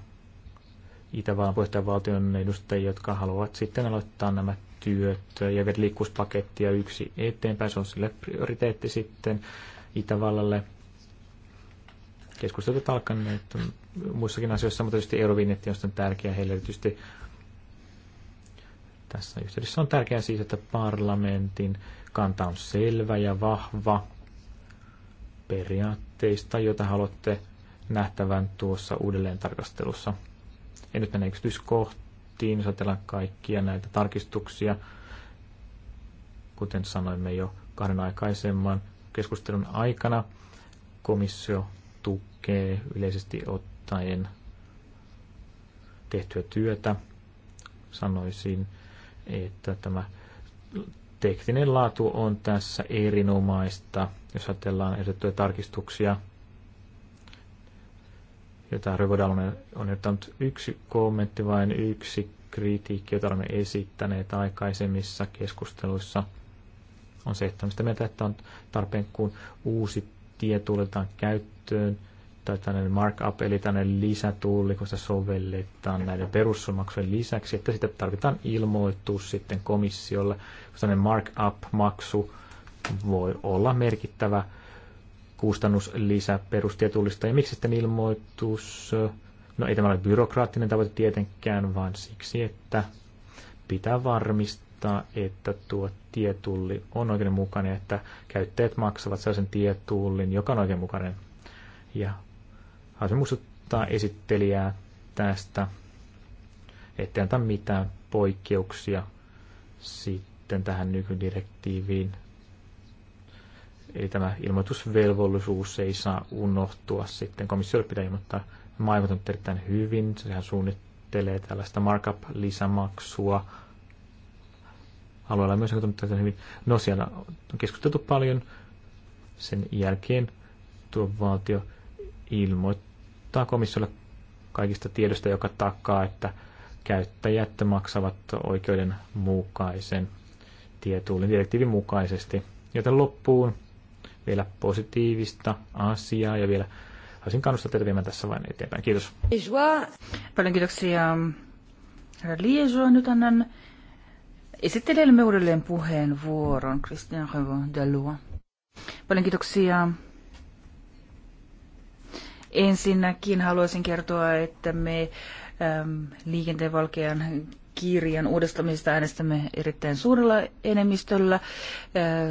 Itävallan puheenjohtajavaltion edustajia, jotka haluavat sitten aloittaa nämä työt ja vielä liikkuuspakettia yksi eteenpäin. Se on sille prioriteetti sitten Itävallalle. Keskustelut ovat alkaneet muissakin asioissa, mutta tietysti eurovinnetti on tärkeä heille erityisesti tässä yhteydessä on tärkeää siis, että parlamentin kanta on selvä ja vahva periaatteista, joita haluatte nähtävän tuossa uudelleen tarkastelussa. En nyt mene yksityiskohtiin, jos ajatellaan kaikkia näitä tarkistuksia. Kuten sanoimme jo kahden aikaisemman keskustelun aikana, komissio tukee yleisesti ottaen tehtyä työtä, sanoisin, että tämä tekninen laatu on tässä erinomaista, jos ajatellaan ehdotettuja tarkistuksia, jota Rövodal on ottanut yksi kommentti, vain yksi kritiikki, jota olemme esittäneet aikaisemmissa keskusteluissa, on se, että mistä mieltä, että on tarpeen, kun uusi tie tuletaan käyttöön – tai tällainen markup, eli tällainen lisätulli, kun sitä sovelletaan näiden perussumaksujen lisäksi, että sitä tarvitaan ilmoitus sitten komissiolle, kun tällainen markup-maksu voi olla merkittävä kustannuslisä perustietullista. Ja miksi sitten ilmoitus? No ei tämä ole byrokraattinen tavoite tietenkään, vaan siksi, että pitää varmistaa, että tuo tietulli on oikeudenmukainen, että käyttäjät maksavat sellaisen tietullin, joka on oikeudenmukainen. Ja Haluaisin muistuttaa esittelijää tästä, ettei anta mitään poikkeuksia sitten tähän nykydirektiiviin. Eli tämä ilmoitusvelvollisuus ei saa unohtua sitten. Komissiolle pitää ilmoittaa maailmat erittäin hyvin. Sehän suunnittelee tällaista markup-lisämaksua. Alueella myös on hyvin. No siellä on keskusteltu paljon. Sen jälkeen tuo valtio ilmoittaa ilmoittaa komissiolle kaikista tiedosta, joka takaa, että käyttäjät maksavat oikeuden mukaisen tietullin direktiivin mukaisesti. Joten loppuun vielä positiivista asiaa ja vielä haluaisin kannustaa teitä viemään tässä vain eteenpäin. Kiitos. Paljon kiitoksia. Liesua, nyt annan esittelemme uudelleen puheenvuoron Christian Revon Dalua. Paljon kiitoksia Ensinnäkin haluaisin kertoa, että me äm, liikenteen valkean kirjan uudistamista äänestämme erittäin suurella enemmistöllä. Äh,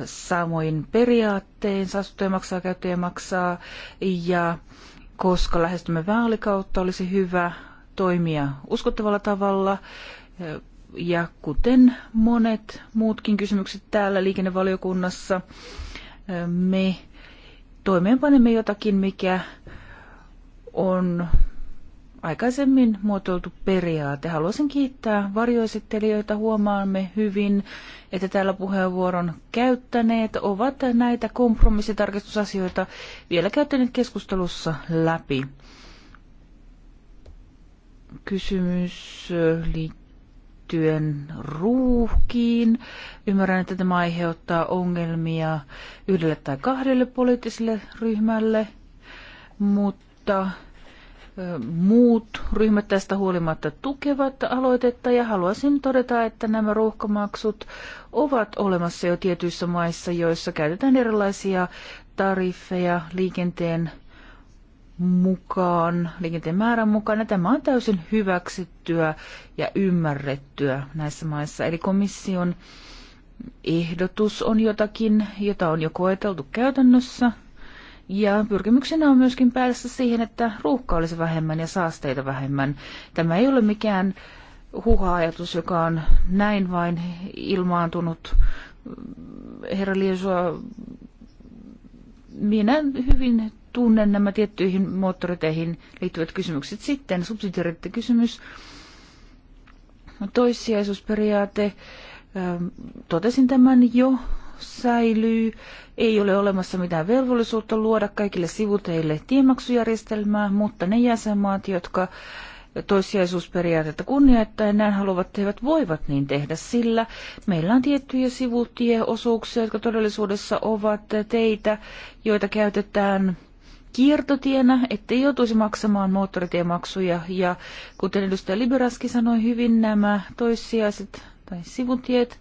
samoin periaattein saastuttaja maksaa, käyttäjä maksaa. Ja koska lähestymme vaalikautta, olisi hyvä toimia uskottavalla tavalla. Äh, ja kuten monet muutkin kysymykset täällä liikennevaliokunnassa, äh, me toimeenpanemme jotakin, mikä on aikaisemmin muotoiltu periaate. Haluaisin kiittää varjoesittelijöitä. Huomaamme hyvin, että täällä puheenvuoron käyttäneet ovat näitä kompromissitarkistusasioita vielä käyttäneet keskustelussa läpi. Kysymys liittyen ruuhkiin. Ymmärrän, että tämä aiheuttaa ongelmia yhdelle tai kahdelle poliittiselle ryhmälle, mutta mutta muut ryhmät tästä huolimatta tukevat aloitetta ja haluaisin todeta, että nämä ruuhkamaksut ovat olemassa jo tietyissä maissa, joissa käytetään erilaisia tariffeja liikenteen mukaan, liikenteen määrän mukaan, ja tämä on täysin hyväksyttyä ja ymmärrettyä näissä maissa. Eli komission ehdotus on jotakin, jota on jo koeteltu käytännössä, ja pyrkimyksenä on myöskin päästä siihen, että ruuhka olisi vähemmän ja saasteita vähemmän. tämä ei ole mikään huha-ajatus, joka on näin vain ilmaantunut. Herra Liesua, minä hyvin tunnen nämä tiettyihin moottoriteihin liittyvät kysymykset. Sitten subsidiariteettikysymys, toissijaisuusperiaate. Totesin tämän jo säilyy. Ei ole olemassa mitään velvollisuutta luoda kaikille sivuteille tiemaksujärjestelmää, mutta ne jäsenmaat, jotka toissijaisuusperiaatetta kunnioittaen näin haluavat, eivät voivat niin tehdä, sillä meillä on tiettyjä sivutieosuuksia, jotka todellisuudessa ovat teitä, joita käytetään kiertotienä, ettei joutuisi maksamaan moottoritiemaksuja. Ja kuten edustaja Liberaski sanoi hyvin, nämä toissijaiset tai sivutiet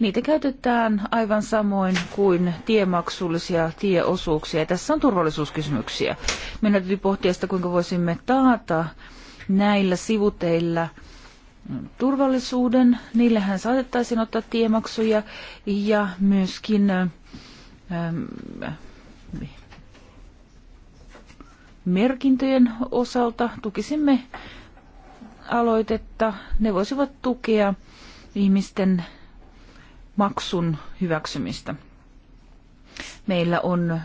Niitä käytetään aivan samoin kuin tiemaksullisia tieosuuksia. Tässä on turvallisuuskysymyksiä. Meidän täytyy pohtia sitä, kuinka voisimme taata näillä sivuteilla turvallisuuden. Niillähän saatettaisiin ottaa tiemaksuja ja myöskin ähm, merkintöjen osalta tukisimme aloitetta. Ne voisivat tukea ihmisten maksun hyväksymistä. Meillä on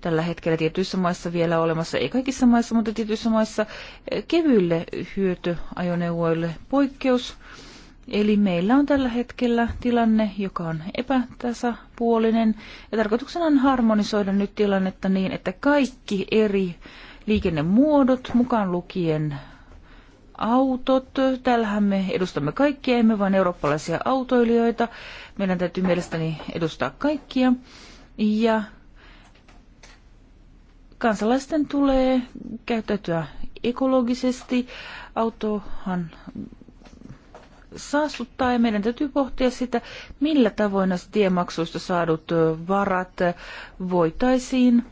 tällä hetkellä tietyissä maissa vielä olemassa, ei kaikissa maissa, mutta tietyissä maissa eh, kevyille hyötyajoneuvoille poikkeus. Eli meillä on tällä hetkellä tilanne, joka on epätasapuolinen. Ja tarkoituksena on harmonisoida nyt tilannetta niin, että kaikki eri liikennemuodot, mukaan lukien autot. Täällähän me edustamme kaikkia, emme vain eurooppalaisia autoilijoita. Meidän täytyy mielestäni edustaa kaikkia. Ja kansalaisten tulee käyttäytyä ekologisesti. Autohan saastuttaa ja meidän täytyy pohtia sitä, millä tavoin näistä tiemaksuista saadut varat voitaisiin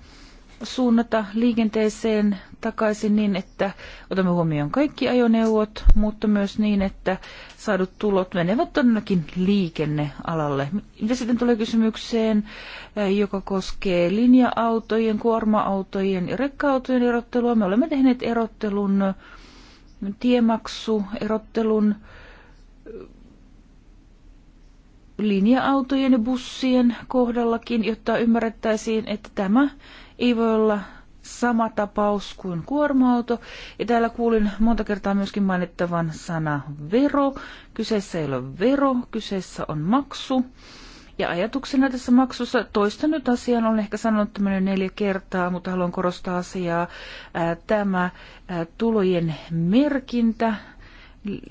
suunnata liikenteeseen takaisin niin, että otamme huomioon kaikki ajoneuvot, mutta myös niin, että saadut tulot menevät todellakin liikennealalle. Mitä sitten tulee kysymykseen, eh, joka koskee linja-autojen, kuorma-autojen ja rekka-autojen erottelua? Me olemme tehneet erottelun, tiemaksu, erottelun eh, linja-autojen ja bussien kohdallakin, jotta ymmärrettäisiin, että tämä ei voi olla sama tapaus kuin kuorma-auto. Ja täällä kuulin monta kertaa myöskin mainittavan sana vero. Kyseessä ei ole vero, kyseessä on maksu. Ja ajatuksena tässä maksussa, toistan nyt asian, olen ehkä sanonut tämmöinen neljä kertaa, mutta haluan korostaa asiaa. Tämä tulojen merkintä,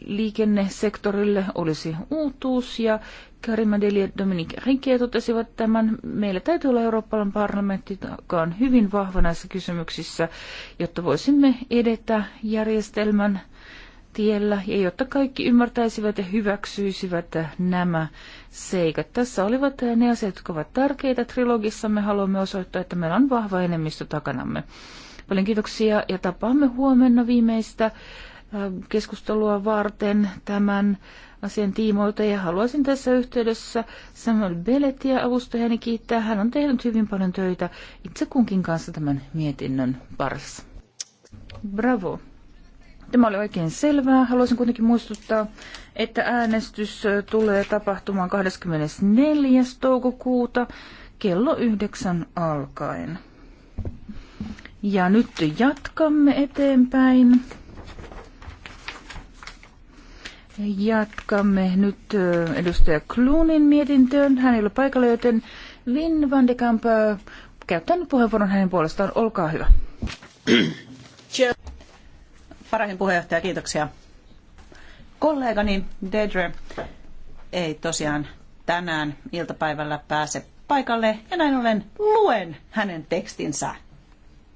liikennesektorille olisi uutuus ja Karimandeli ja Dominique Rinkie totesivat tämän. Meillä täytyy olla Euroopan parlamentti, joka on hyvin vahva näissä kysymyksissä, jotta voisimme edetä järjestelmän tiellä ja jotta kaikki ymmärtäisivät ja hyväksyisivät nämä seikat. Tässä olivat ne asiat, jotka ovat tärkeitä trilogissa. Me haluamme osoittaa, että meillä on vahva enemmistö takanamme. Paljon kiitoksia ja tapaamme huomenna viimeistä keskustelua varten tämän asian tiimoilta ja haluaisin tässä yhteydessä Samuel Belletia avustajani kiittää. Hän on tehnyt hyvin paljon töitä itse kunkin kanssa tämän mietinnön parissa. Bravo. Tämä oli oikein selvää. Haluaisin kuitenkin muistuttaa, että äänestys tulee tapahtumaan 24. toukokuuta kello 9 alkaen. Ja nyt jatkamme eteenpäin. Jatkamme nyt edustaja Kluunin mietintöön. Hän ei ole paikalla, joten Lin van de Kamp käyttää nyt puheenvuoron hänen puolestaan. Olkaa hyvä. Parahin puheenjohtaja, kiitoksia. Kollegani Deidre ei tosiaan tänään iltapäivällä pääse paikalle ja näin ollen luen hänen tekstinsä.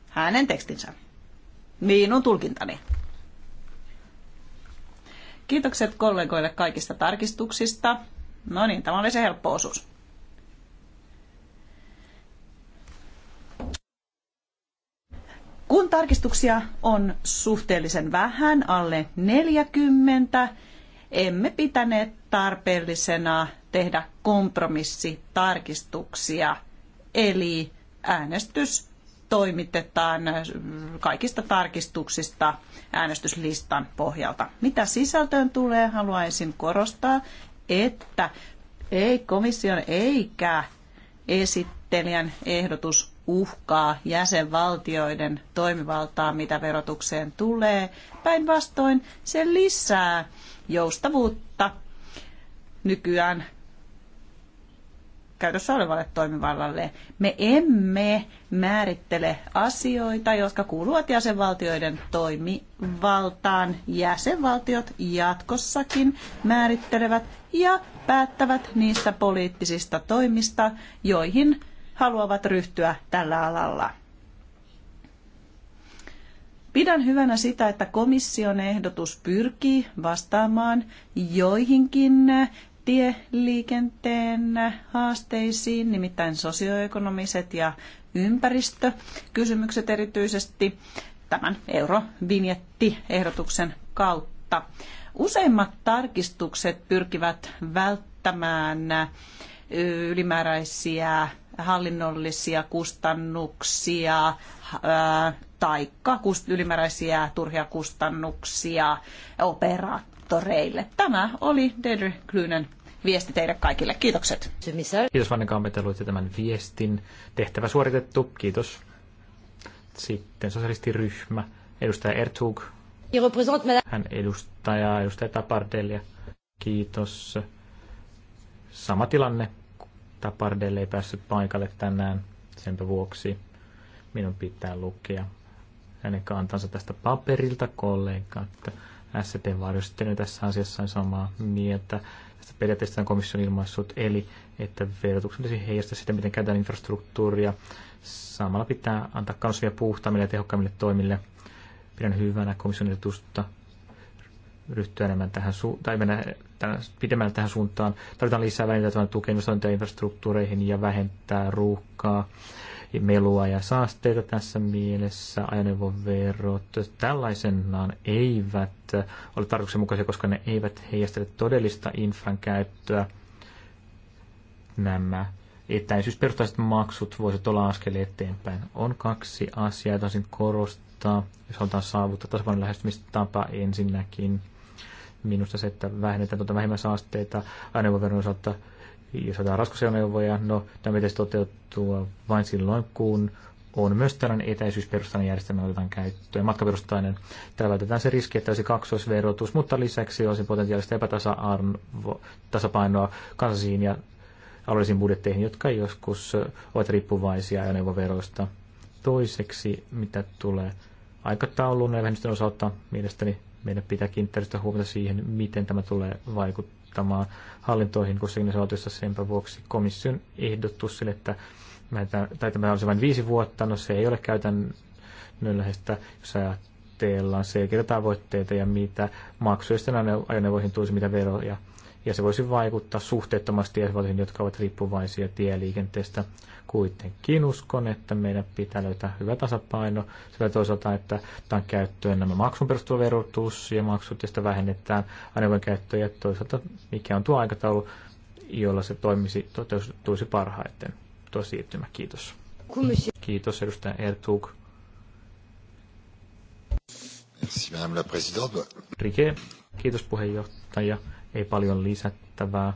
Hänen tekstinsä. Minun tulkintani. Kiitokset kollegoille kaikista tarkistuksista. No niin, tämä oli se helppo osuus. Kun tarkistuksia on suhteellisen vähän, alle 40, emme pitäneet tarpeellisena tehdä kompromissitarkistuksia, eli äänestys toimitetaan kaikista tarkistuksista äänestyslistan pohjalta. Mitä sisältöön tulee, haluaisin korostaa, että ei komission eikä esittelijän ehdotus uhkaa jäsenvaltioiden toimivaltaa, mitä verotukseen tulee. Päinvastoin se lisää joustavuutta nykyään käytössä olevalle toimivallalle. Me emme määrittele asioita, jotka kuuluvat jäsenvaltioiden toimivaltaan. Jäsenvaltiot jatkossakin määrittelevät ja päättävät niistä poliittisista toimista, joihin haluavat ryhtyä tällä alalla. Pidän hyvänä sitä, että komission ehdotus pyrkii vastaamaan joihinkin tieliikenteen haasteisiin, nimittäin sosioekonomiset ja ympäristökysymykset erityisesti tämän eurovinjettiehdotuksen kautta. Useimmat tarkistukset pyrkivät välttämään ylimääräisiä hallinnollisia kustannuksia äh, tai ylimääräisiä turhia kustannuksia opera- moottoreille. Tämä oli Deirdre Klynen viesti teille kaikille. Kiitokset. Kiitos Vanne että tämän viestin. Tehtävä suoritettu. Kiitos. Sitten sosialistiryhmä. Edustaja Ertug. Hän edustaa edustaja Tapardelia. Kiitos. Sama tilanne. Tapardelle ei päässyt paikalle tänään. Sen vuoksi minun pitää lukea hänen kantansa tästä paperilta kollegat SCPn varjostelijoiden tässä asiassa on samaa mieltä. Tästä periaatteesta on komission ilmaissut, eli että verotuksen tulisi heijastaa sitä, miten käytetään infrastruktuuria. Samalla pitää antaa kannustavia puhtaammille ja tehokkaimmille toimille. Pidän hyvänä komission edustusta ryhtyä enemmän tähän su- tai mennä tämän, pidemmälle tähän suuntaan. Tarvitaan lisää välineitä tukea investointeja infrastruktuureihin ja vähentää ruuhkaa melua ja saasteita tässä mielessä. Ajoneuvoverot tällaisenaan eivät ole tarkoituksenmukaisia, koska ne eivät heijastele todellista infran käyttöä. Nämä etäisyysperustaiset maksut voisivat olla askel eteenpäin. On kaksi asiaa, joita olisin korostaa, jos halutaan saavuttaa tasapainon lähestymistapa ensinnäkin. Minusta se, että vähennetään tuota saasteita ajoneuvoveron osalta ja saadaan raskasajoneuvoja. No, tämä pitäisi toteutua vain silloin, kun on myös tällainen etäisyysperustainen järjestelmä otetaan käyttöön, matkaperustainen. Täällä vältetään se riski, että olisi kaksoisverotus, mutta lisäksi olisi potentiaalista epätasapainoa kansallisiin ja alueellisiin budjetteihin, jotka joskus ovat riippuvaisia ajoneuvoveroista. Toiseksi, mitä tulee aikatauluun ja vähennysten osalta, mielestäni meidän pitää kiinnittää huomiota siihen, miten tämä tulee vaikuttaa vaikuttamaan hallintoihin siinä saatuissa senpä vuoksi komission ehdotus sille, että tai tämä olisi vain viisi vuotta, no se ei ole käytännönläheistä, jos ajatellaan selkeitä tavoitteita ja mitä maksuista ajoneuvoihin tulisi, mitä veroja. Ja se voisi vaikuttaa suhteettomasti jäsenvaltioihin, jotka ovat riippuvaisia tieliikenteestä. Kuitenkin uskon, että meidän pitää löytää hyvä tasapaino sillä toisaalta, että otetaan käyttöön nämä maksun perustuva verotus ja maksut, josta vähennetään ajoneuvojen käyttöä ja toisaalta mikä on tuo aikataulu, jolla se toimisi, toteutuisi parhaiten. Tuo siirtymä. Kiitos. Kiitos edustaja Ertug. Merci, madame la présidente. Rike, kiitos puheenjohtaja. Ei paljon lisättävää,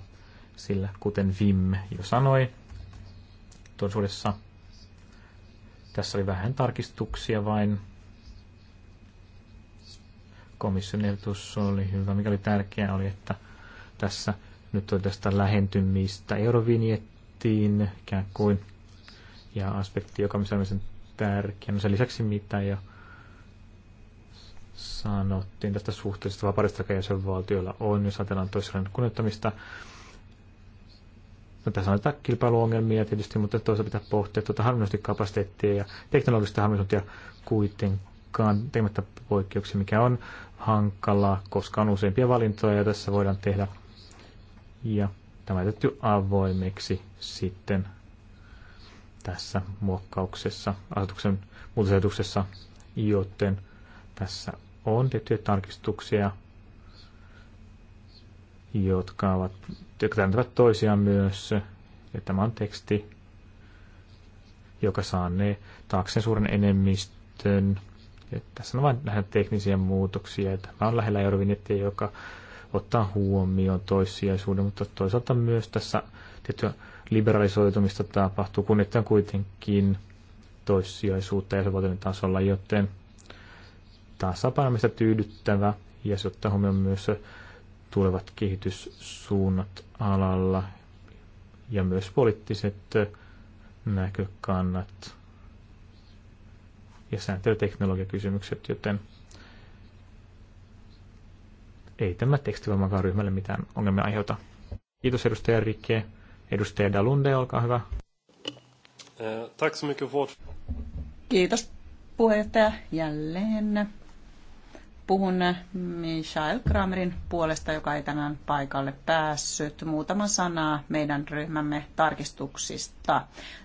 sillä kuten vimme jo sanoi, todellisuudessa tässä oli vähän tarkistuksia vain. Komission ehdotus oli hyvä. Mikä oli tärkeää oli, että tässä nyt oli tästä lähentymistä eurovinjettiin ikään kuin. Ja aspekti, joka on sen tärkeä. No sen lisäksi mitä jo sanottiin tästä suhteellisesta vapaudesta, joka jäsenvaltioilla on, jos ajatellaan toisen kunnioittamista No, tässä on näitä kilpailuongelmia tietysti, mutta toisaalta pitää pohtia tuota harvinaisesti kapasiteettia ja teknologista harvinaisuutta kuitenkaan tekemättä poikkeuksia, mikä on hankala, koska on useampia valintoja ja tässä voidaan tehdä. Ja tämä jätetty avoimeksi sitten tässä muokkauksessa, asetuksen muutosajatuksessa, joten tässä on tiettyjä tarkistuksia, jotka ovat jotka täydentävät toisiaan myös. Ja tämä on teksti, joka saa ne taakseen suuren enemmistön. Ja tässä on vain vähän teknisiä muutoksia. Ja tämä on lähellä Eurovinettiä, joka ottaa huomioon toissijaisuuden, mutta toisaalta myös tässä tiettyä liberalisoitumista tapahtuu, kun on kuitenkin toissijaisuutta jäsenvaltioiden tasolla, joten tasapaino, mistä tyydyttävä, ja se ottaa huomioon myös tulevat kehityssuunnat alalla ja myös poliittiset näkökannat ja sääntelyteknologiakysymykset, joten ei tämä teksti varmaankaan ryhmälle mitään ongelmia aiheuta. Kiitos edustaja Rikke. Edustaja Dalunde, olkaa hyvä. Eh, tack så mycket Kiitos puheenjohtaja jälleen Puhun Michael Kramerin puolesta, joka ei tänään paikalle päässyt. Muutama sana meidän ryhmämme tarkistuksista.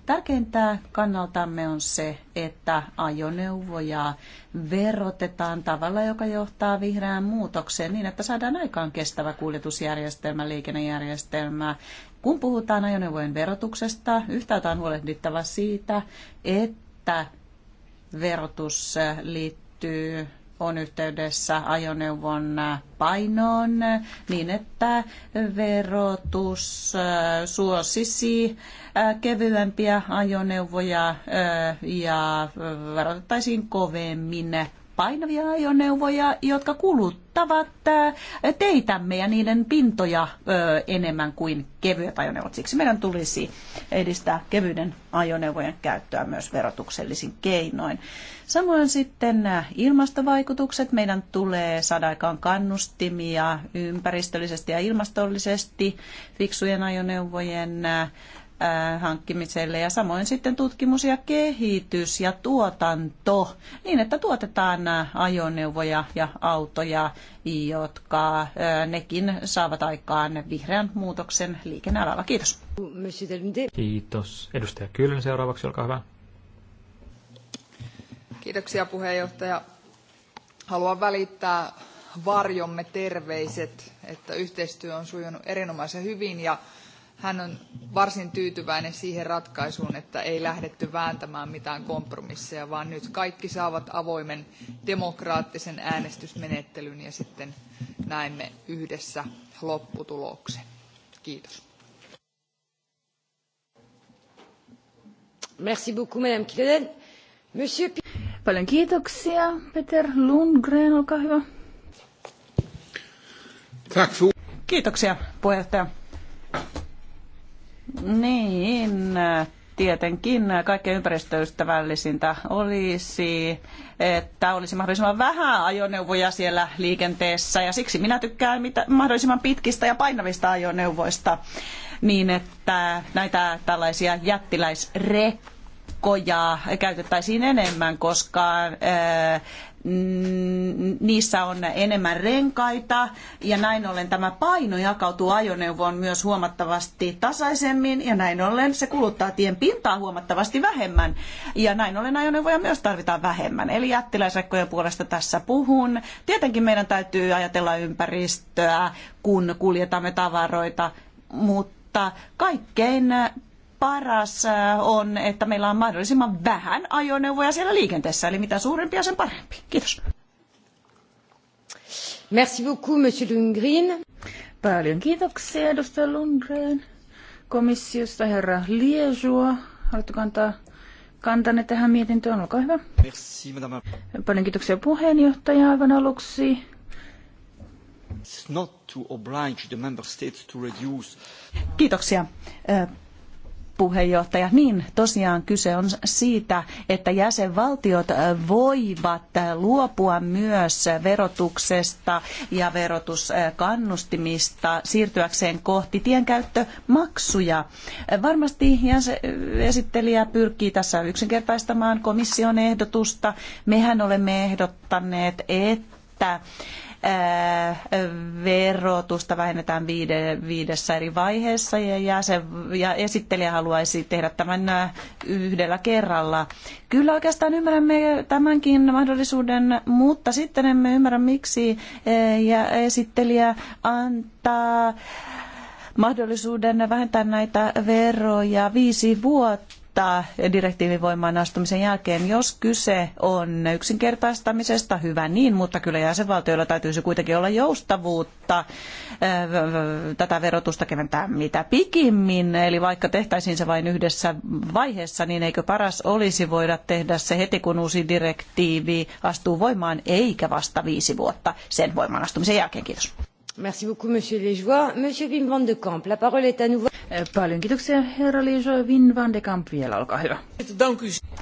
Tärkeintä kannaltamme on se, että ajoneuvoja verotetaan tavalla, joka johtaa vihreään muutokseen niin, että saadaan aikaan kestävä kuljetusjärjestelmä, liikennejärjestelmä, kun puhutaan ajoneuvojen verotuksesta, yhtäältä on huolehdittava siitä, että verotus liittyy on yhteydessä ajoneuvon painoon niin, että verotus suosisi kevyempiä ajoneuvoja ja verotettaisiin kovemmin painavia ajoneuvoja, jotka kuluttavat äh, teitämme ja niiden pintoja enemmän kuin kevyet ajoneuvot. Siksi meidän tulisi edistää kevyiden ajoneuvojen käyttöä myös verotuksellisin keinoin. Samoin sitten äh, ilmastovaikutukset. Meidän tulee saada aikaan kannustimia ympäristöllisesti ja ilmastollisesti fiksujen ajoneuvojen äh, hankkimiselle ja samoin sitten tutkimus ja kehitys ja tuotanto niin, että tuotetaan ajoneuvoja ja autoja, jotka nekin saavat aikaan vihreän muutoksen liikennealalla. Kiitos. Kiitos. Edustaja Kyllön seuraavaksi, olkaa hyvä. Kiitoksia puheenjohtaja. Haluan välittää varjomme terveiset, että yhteistyö on sujunut erinomaisen hyvin ja hän on varsin tyytyväinen siihen ratkaisuun, että ei lähdetty vääntämään mitään kompromisseja, vaan nyt kaikki saavat avoimen demokraattisen äänestysmenettelyn ja sitten näemme yhdessä lopputuloksen. Kiitos. Merci beaucoup, Madame Kilonen. Monsieur... Paljon kiitoksia. Peter Lundgren, olkaa hyvä. Tack Kiitoksia, puheenjohtaja niin, tietenkin kaikkein ympäristöystävällisintä olisi, että olisi mahdollisimman vähän ajoneuvoja siellä liikenteessä ja siksi minä tykkään mitä, mahdollisimman pitkistä ja painavista ajoneuvoista niin, että näitä tällaisia jättiläisrekkoja käytettäisiin enemmän, koska eh, Mm, niissä on enemmän renkaita ja näin ollen tämä paino jakautuu ajoneuvoon myös huomattavasti tasaisemmin ja näin ollen se kuluttaa tien pintaa huomattavasti vähemmän ja näin ollen ajoneuvoja myös tarvitaan vähemmän. Eli jättiläisrekkojen puolesta tässä puhun. Tietenkin meidän täytyy ajatella ympäristöä, kun kuljetamme tavaroita, mutta kaikkein paras äh, on, että meillä on mahdollisimman vähän ajoneuvoja siellä liikenteessä, eli mitä suurempia sen parempi. Kiitos. Merci beaucoup, monsieur Lundgren. Paljon kiitoksia, edustaja Lundgren. Komissiosta herra Liesua. Haluatteko kantaa kantanne tähän mietintöön? Olkaa hyvä. Merci, madame. Paljon kiitoksia puheenjohtaja aivan aluksi. Kiitoksia. Äh, puheenjohtaja. Niin, tosiaan kyse on siitä, että jäsenvaltiot voivat luopua myös verotuksesta ja verotuskannustimista siirtyäkseen kohti tienkäyttömaksuja. Varmasti esittelijä pyrkii tässä yksinkertaistamaan komission ehdotusta. Mehän olemme ehdottaneet, että verotusta vähennetään viidessä eri vaiheessa ja, jäsen, ja esittelijä haluaisi tehdä tämän yhdellä kerralla. Kyllä oikeastaan ymmärrämme tämänkin mahdollisuuden, mutta sitten emme ymmärrä miksi ja esittelijä antaa mahdollisuuden vähentää näitä veroja viisi vuotta odottaa direktiivin voimaan astumisen jälkeen, jos kyse on yksinkertaistamisesta, hyvä niin, mutta kyllä jäsenvaltioilla täytyisi kuitenkin olla joustavuutta äh, tätä verotusta keventää mitä pikimmin. Eli vaikka tehtäisiin se vain yhdessä vaiheessa, niin eikö paras olisi voida tehdä se heti, kun uusi direktiivi astuu voimaan, eikä vasta viisi vuotta sen voimaan astumisen jälkeen. Kiitos. Paljon kiitoksia, herra Lijo. Vin van de Kamp vielä, olkaa hyvä.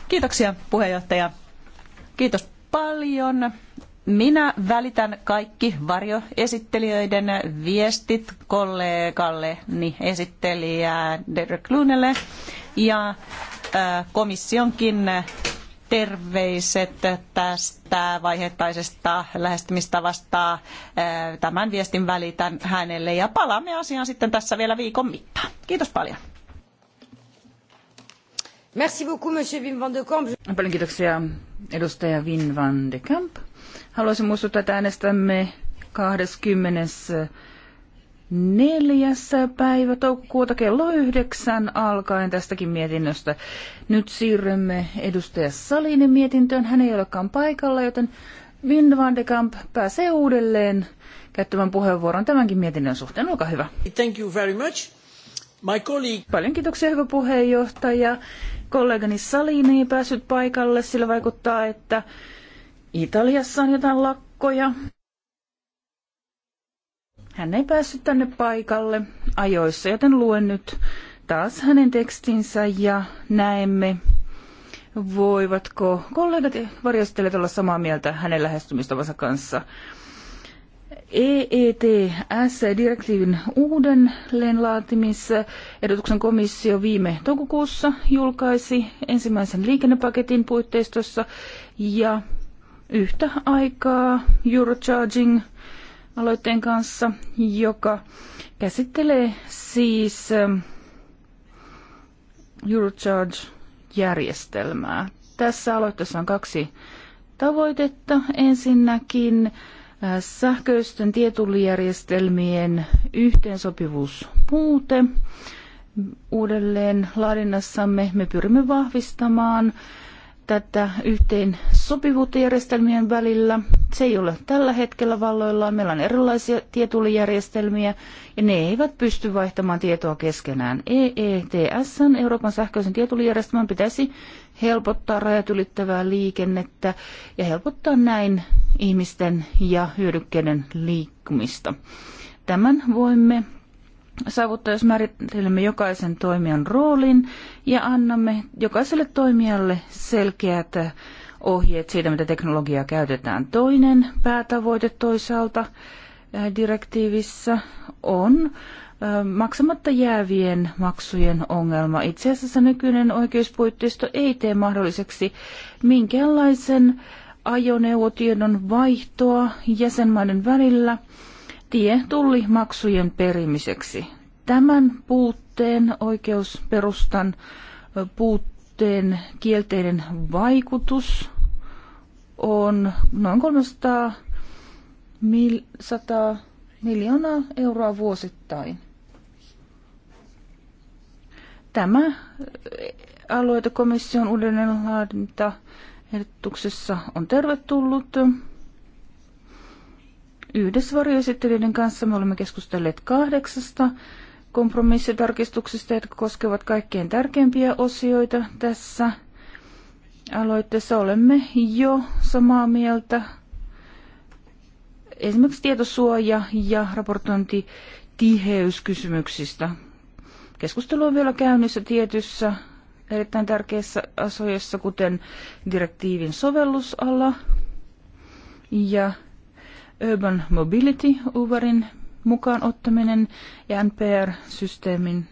Kiitoksia, puheenjohtaja. Kiitos paljon. Minä välitän kaikki varjoesittelijöiden viestit kollegalle, niin esittelijä Derek Lunelle ja eh, komissionkin terveiset tästä vaihettaisesta lähestymistavasta. Tämän viestin välitän hänelle ja palaamme asiaan sitten tässä vielä viikon mittaan. Kiitos paljon. Merci beaucoup, monsieur Wim van de Kamp. Paljon kiitoksia, edustaja Wim van de Kamp. Haluaisin muistuttaa, että äänestämme 20 neljäs päivä toukokuuta kello yhdeksän alkaen tästäkin mietinnöstä. Nyt siirrymme edustaja Salinen mietintöön. Hän ei olekaan paikalla, joten Wind van de Kamp pääsee uudelleen käyttämään puheenvuoron tämänkin mietinnön suhteen. Olkaa hyvä. Thank you very much. My colleague... Paljon kiitoksia, hyvä puheenjohtaja. Kollegani Salini ei päässyt paikalle, sillä vaikuttaa, että Italiassa on jotain lakkoja. Hän ei päässyt tänne paikalle ajoissa, joten luen nyt taas hänen tekstinsä ja näemme, voivatko kollegat ja varjostelijat olla samaa mieltä hänen lähestymistavansa kanssa. EETS-direktiivin uudelleen laatimissa edutuksen komissio viime toukokuussa julkaisi ensimmäisen liikennepaketin puitteistossa ja yhtä aikaa Eurocharging aloitteen kanssa, joka käsittelee siis ähm, Eurocharge-järjestelmää. Tässä aloitteessa on kaksi tavoitetta. Ensinnäkin äh, sähköisten tietullijärjestelmien yhteensopivuuspuute. Uudelleen laadinnassamme me pyrimme vahvistamaan tätä yhteen sopivuutta järjestelmien välillä. Se ei ole tällä hetkellä valloillaan. Meillä on erilaisia tietullijärjestelmiä ja ne eivät pysty vaihtamaan tietoa keskenään. EETS, Euroopan sähköisen tietullijärjestelmän, pitäisi helpottaa rajat ylittävää liikennettä ja helpottaa näin ihmisten ja hyödykkeiden liikkumista. Tämän voimme saavuttaa, jos määrittelemme jokaisen toimijan roolin ja annamme jokaiselle toimijalle selkeät ohjeet siitä, mitä teknologiaa käytetään. Toinen päätavoite toisaalta äh, direktiivissä on äh, maksamatta jäävien maksujen ongelma. Itse asiassa nykyinen oikeuspuitteisto ei tee mahdolliseksi minkäänlaisen ajoneuvotiedon vaihtoa jäsenmaiden välillä – tie tullimaksujen perimiseksi. Tämän puutteen, oikeusperustan puutteen kielteinen vaikutus on noin 300 mil, 100 miljoonaa euroa vuosittain. Tämä alueita komission uudelleenlaadinta ehdotuksessa on tervetullut. Yhdessä varjoesittelijöiden kanssa me olemme keskustelleet kahdeksasta kompromissitarkistuksista, jotka koskevat kaikkein tärkeimpiä osioita tässä aloitteessa. Olemme jo samaa mieltä esimerkiksi tietosuoja- ja raportointitiheyskysymyksistä. Keskustelu on vielä käynnissä tietyssä erittäin tärkeissä asioissa, kuten direktiivin sovellusala ja Urban Mobility, Uberin mukaan ottaminen ja NPR-systeemin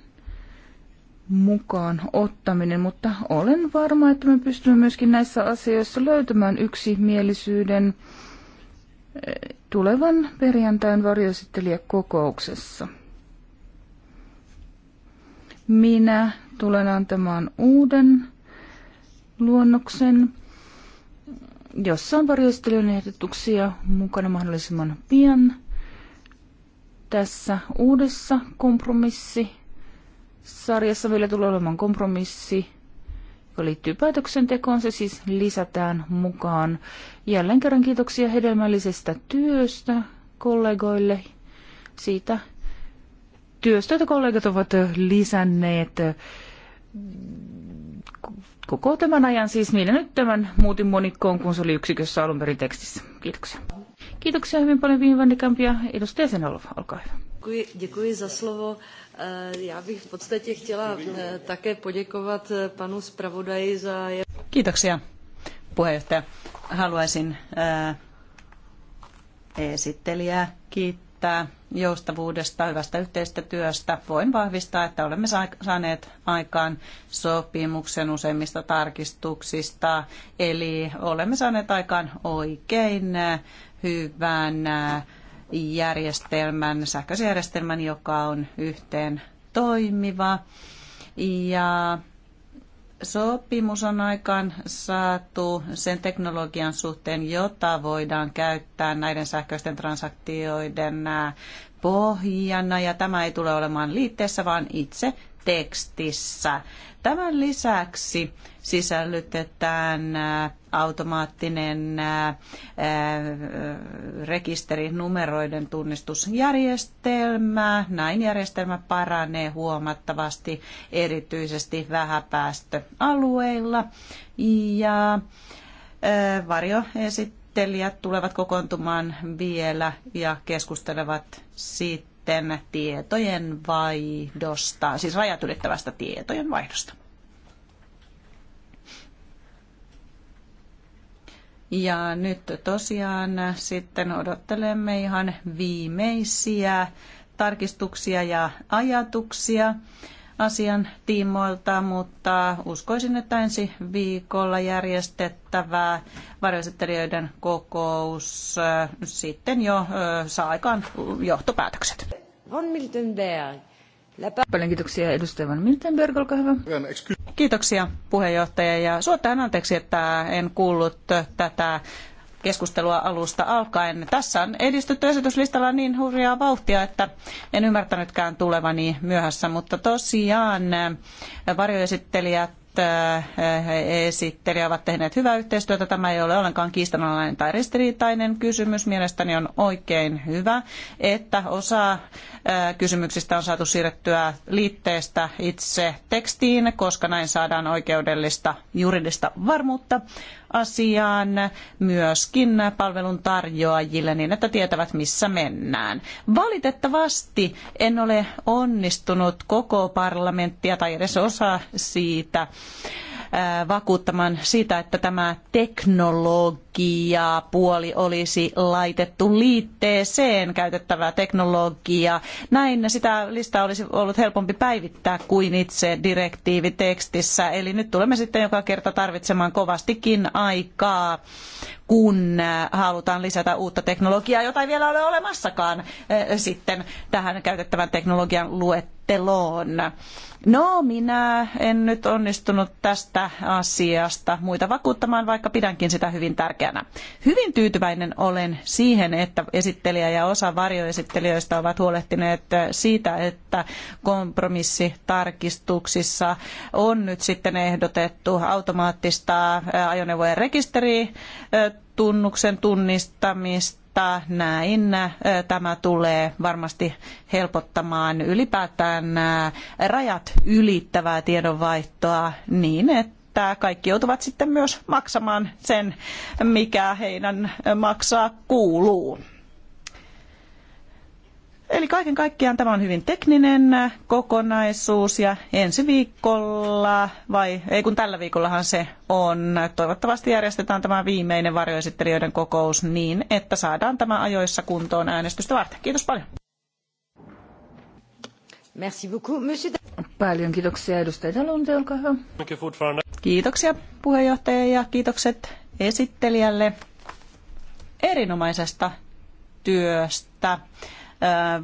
mukaan ottaminen, mutta olen varma, että me pystymme myöskin näissä asioissa löytämään yksimielisyyden eh, tulevan perjantain kokouksessa. Minä tulen antamaan uuden luonnoksen jossa on varjostelijoiden ehdotuksia mukana mahdollisimman pian tässä uudessa kompromissi sarjassa vielä tulee olemaan kompromissi, joka liittyy päätöksentekoon. Se siis lisätään mukaan. Jälleen kerran kiitoksia hedelmällisestä työstä kollegoille siitä työstä, jota kollegat ovat lisänneet koko tämän ajan siis minä nyt tämän muutin monikkoon, kun se oli yksikössä alun perin tekstissä. Kiitoksia. Kiitoksia hyvin paljon Viin Vannikampia. Edustaja Senolov, olkaa hyvä. Děkuji, za slovo. Eh, já bych v podstatě chtěla eh, také poděkovat eh, panu zpravodaji za... Kiitoksia, puheenjohtaja. Haluaisin ää, esittelijää kiittää joustavuudesta, hyvästä yhteistä työstä. Voin vahvistaa, että olemme saaneet aikaan sopimuksen useimmista tarkistuksista, eli olemme saaneet aikaan oikein äh, hyvän äh, järjestelmän, sähköisen järjestelmän, joka on yhteen toimiva. Ja sopimus on aikaan saatu sen teknologian suhteen, jota voidaan käyttää näiden sähköisten transaktioiden pohjana. Ja tämä ei tule olemaan liitteessä, vaan itse tekstissä. Tämän lisäksi sisällytetään äh, automaattinen äh, rekisterinumeroiden tunnistusjärjestelmä. Näin järjestelmä paranee huomattavasti erityisesti vähäpäästöalueilla. Ja äh, varjo esittelijät tulevat kokoontumaan vielä ja keskustelevat siitä, sitten tietojen vaihdosta, siis rajat ylittävästä tietojen vaihdosta. Ja nyt tosiaan sitten odottelemme ihan viimeisiä tarkistuksia ja ajatuksia asian tiimoilta, mutta uskoisin, että ensi viikolla järjestettävä varjoesittelijöiden kokous äh, sitten jo äh, saa aikaan johtopäätökset. Von Miltenberg. Paljon kiitoksia edustaja Van Miltenberg, olkaa hyvä. Kiitoksia puheenjohtaja ja suottaen anteeksi, että en kuullut tätä keskustelua alusta alkaen. Tässä on edistytty esityslistalla niin hurjaa vauhtia, että en ymmärtänytkään tulevani myöhässä, mutta tosiaan eh, varjoesittelijät eh, esittelijä ovat tehneet hyvää yhteistyötä. Tämä ei ole ollenkaan kiistanalainen tai ristiriitainen kysymys. Mielestäni on oikein hyvä, että osa eh, kysymyksistä on saatu siirrettyä liitteestä itse tekstiin, koska näin saadaan oikeudellista juridista varmuutta asiaan myöskin palvelun tarjoajille niin, että tietävät missä mennään. Valitettavasti en ole onnistunut koko parlamenttia tai edes osa siitä vakuuttamaan siitä, että tämä teknologia puoli olisi laitettu liitteeseen käytettävää teknologiaa. Näin sitä listaa olisi ollut helpompi päivittää kuin itse direktiivitekstissä. Eli nyt tulemme sitten joka kerta tarvitsemaan kovastikin aikaa kun halutaan lisätä uutta teknologiaa, jota ei vielä ole olemassakaan sitten tähän käytettävän teknologian luetteloon luetteloon. No, minä en nyt onnistunut tästä asiasta muita vakuuttamaan, vaikka pidänkin sitä hyvin tärkeänä. Hyvin tyytyväinen olen siihen, että esittelijä ja osa varjoesittelijöistä ovat huolehtineet siitä, että kompromissitarkistuksissa on nyt sitten ehdotettu automaattista ajoneuvojen rekisteritunnuksen eh, tunnuksen tunnistamista mutta näin tämä tulee varmasti helpottamaan ylipäätään rajat ylittävää tiedonvaihtoa niin, että kaikki joutuvat sitten myös maksamaan sen, mikä heidän maksaa kuuluu. Eli kaiken kaikkiaan tämä on hyvin tekninen kokonaisuus ja ensi viikolla, vai ei kun tällä viikollahan se on, toivottavasti järjestetään tämä viimeinen varjoesittelijöiden kokous niin, että saadaan tämä ajoissa kuntoon äänestystä varten. Kiitos paljon. Merci beaucoup, monsieur. Paljon kiitoksia edustaja Talunte, olkaa hyvä. Kiitoksia puheenjohtaja ja kiitokset esittelijälle erinomaisesta työstä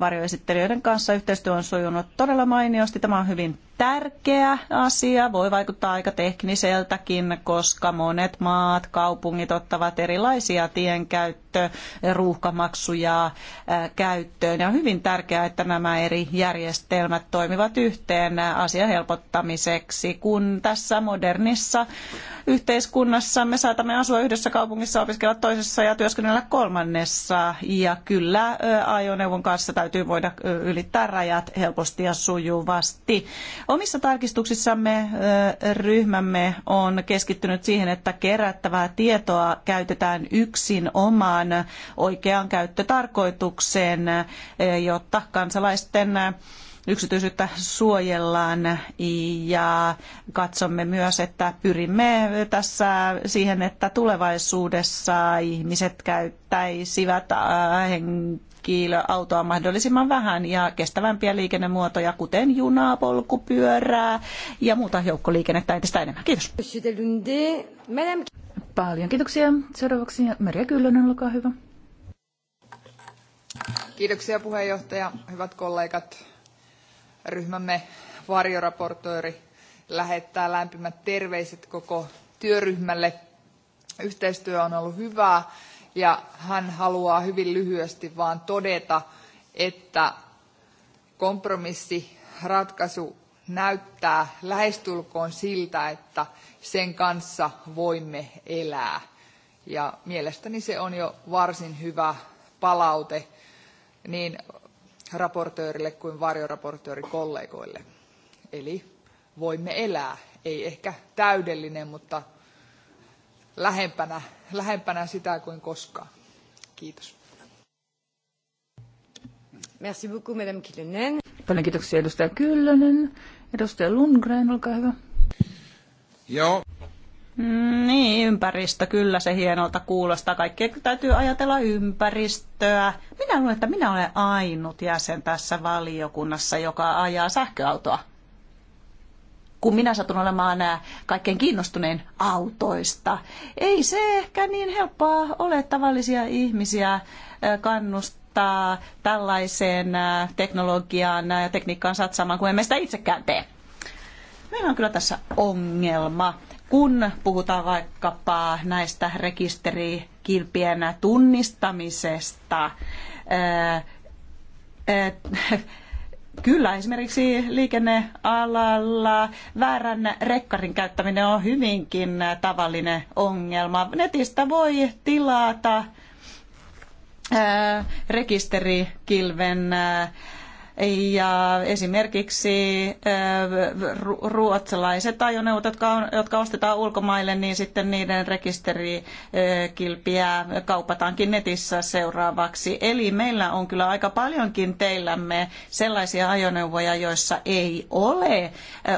varjoesittelijöiden kanssa. Yhteistyö on sujunut todella mainiosti. Tämä on hyvin tärkeä asia, voi vaikuttaa aika tekniseltäkin, koska monet maat, kaupungit ottavat erilaisia tienkäyttö- ja ruuhkamaksuja äh, käyttöön. Ja on hyvin tärkeää, että nämä eri järjestelmät toimivat yhteen asian helpottamiseksi, kun tässä modernissa yhteiskunnassa me saatamme asua yhdessä kaupungissa, opiskella toisessa ja työskennellä kolmannessa. Ja kyllä äh, ajoneuvon kanssa täytyy voida ylittää rajat helposti ja sujuvasti. Omissa tarkistuksissamme ryhmämme on keskittynyt siihen, että kerättävää tietoa käytetään yksin omaan oikeaan käyttötarkoitukseen, jotta kansalaisten yksityisyyttä suojellaan ja katsomme myös, että pyrimme tässä siihen, että tulevaisuudessa ihmiset käyttäisivät henkilöautoa mahdollisimman vähän ja kestävämpiä liikennemuotoja, kuten junaa, polkupyörää ja muuta joukkoliikennettä entistä enemmän. Kiitos. Paljon kiitoksia. Seuraavaksi Merja Kyllönen, olkaa hyvä. Kiitoksia puheenjohtaja, hyvät kollegat. Ryhmämme varjoraportööri lähettää lämpimät terveiset koko työryhmälle. Yhteistyö on ollut hyvää ja hän haluaa hyvin lyhyesti vain todeta, että kompromissiratkaisu näyttää lähestulkoon siltä, että sen kanssa voimme elää. Ja mielestäni se on jo varsin hyvä palaute niin raportöörille kuin varjoraportöörikollegoille. Eli voimme elää. Ei ehkä täydellinen, mutta lähempänä, lähempänä sitä kuin koskaan. Kiitos. Merci beaucoup, Madame Kilönen. Paljon kiitoksia edustaja Kyllönen. Edustaja Lundgren, olkaa hyvä. Joo. Mm, niin, ympäristö, kyllä se hienolta kuulostaa. Kaikkea täytyy ajatella ympäristöä. Minä luulen, että minä olen ainut jäsen tässä valiokunnassa, joka ajaa sähköautoa kun minä satun olemaan nämä äh, kaikkein kiinnostuneen autoista. Ei se ehkä niin helppoa ole tavallisia ihmisiä äh, kannustaa tällaiseen äh, teknologiaan ja tekniikkaan satsaamaan, kuin emme sitä itsekään tee. Meillä on kyllä tässä ongelma kun puhutaan vaikkapa näistä rekisterikilpien tunnistamisesta, Kyllä esimerkiksi liikennealalla väärän rekkarin käyttäminen on hyvinkin tavallinen ongelma. Netistä voi tilata rekisterikilven ää, ja esimerkiksi ruotsalaiset ajoneuvot, jotka, on, jotka ostetaan ulkomaille, niin sitten niiden rekisterikilpiä kaupataankin netissä seuraavaksi. Eli meillä on kyllä aika paljonkin teillämme sellaisia ajoneuvoja, joissa ei ole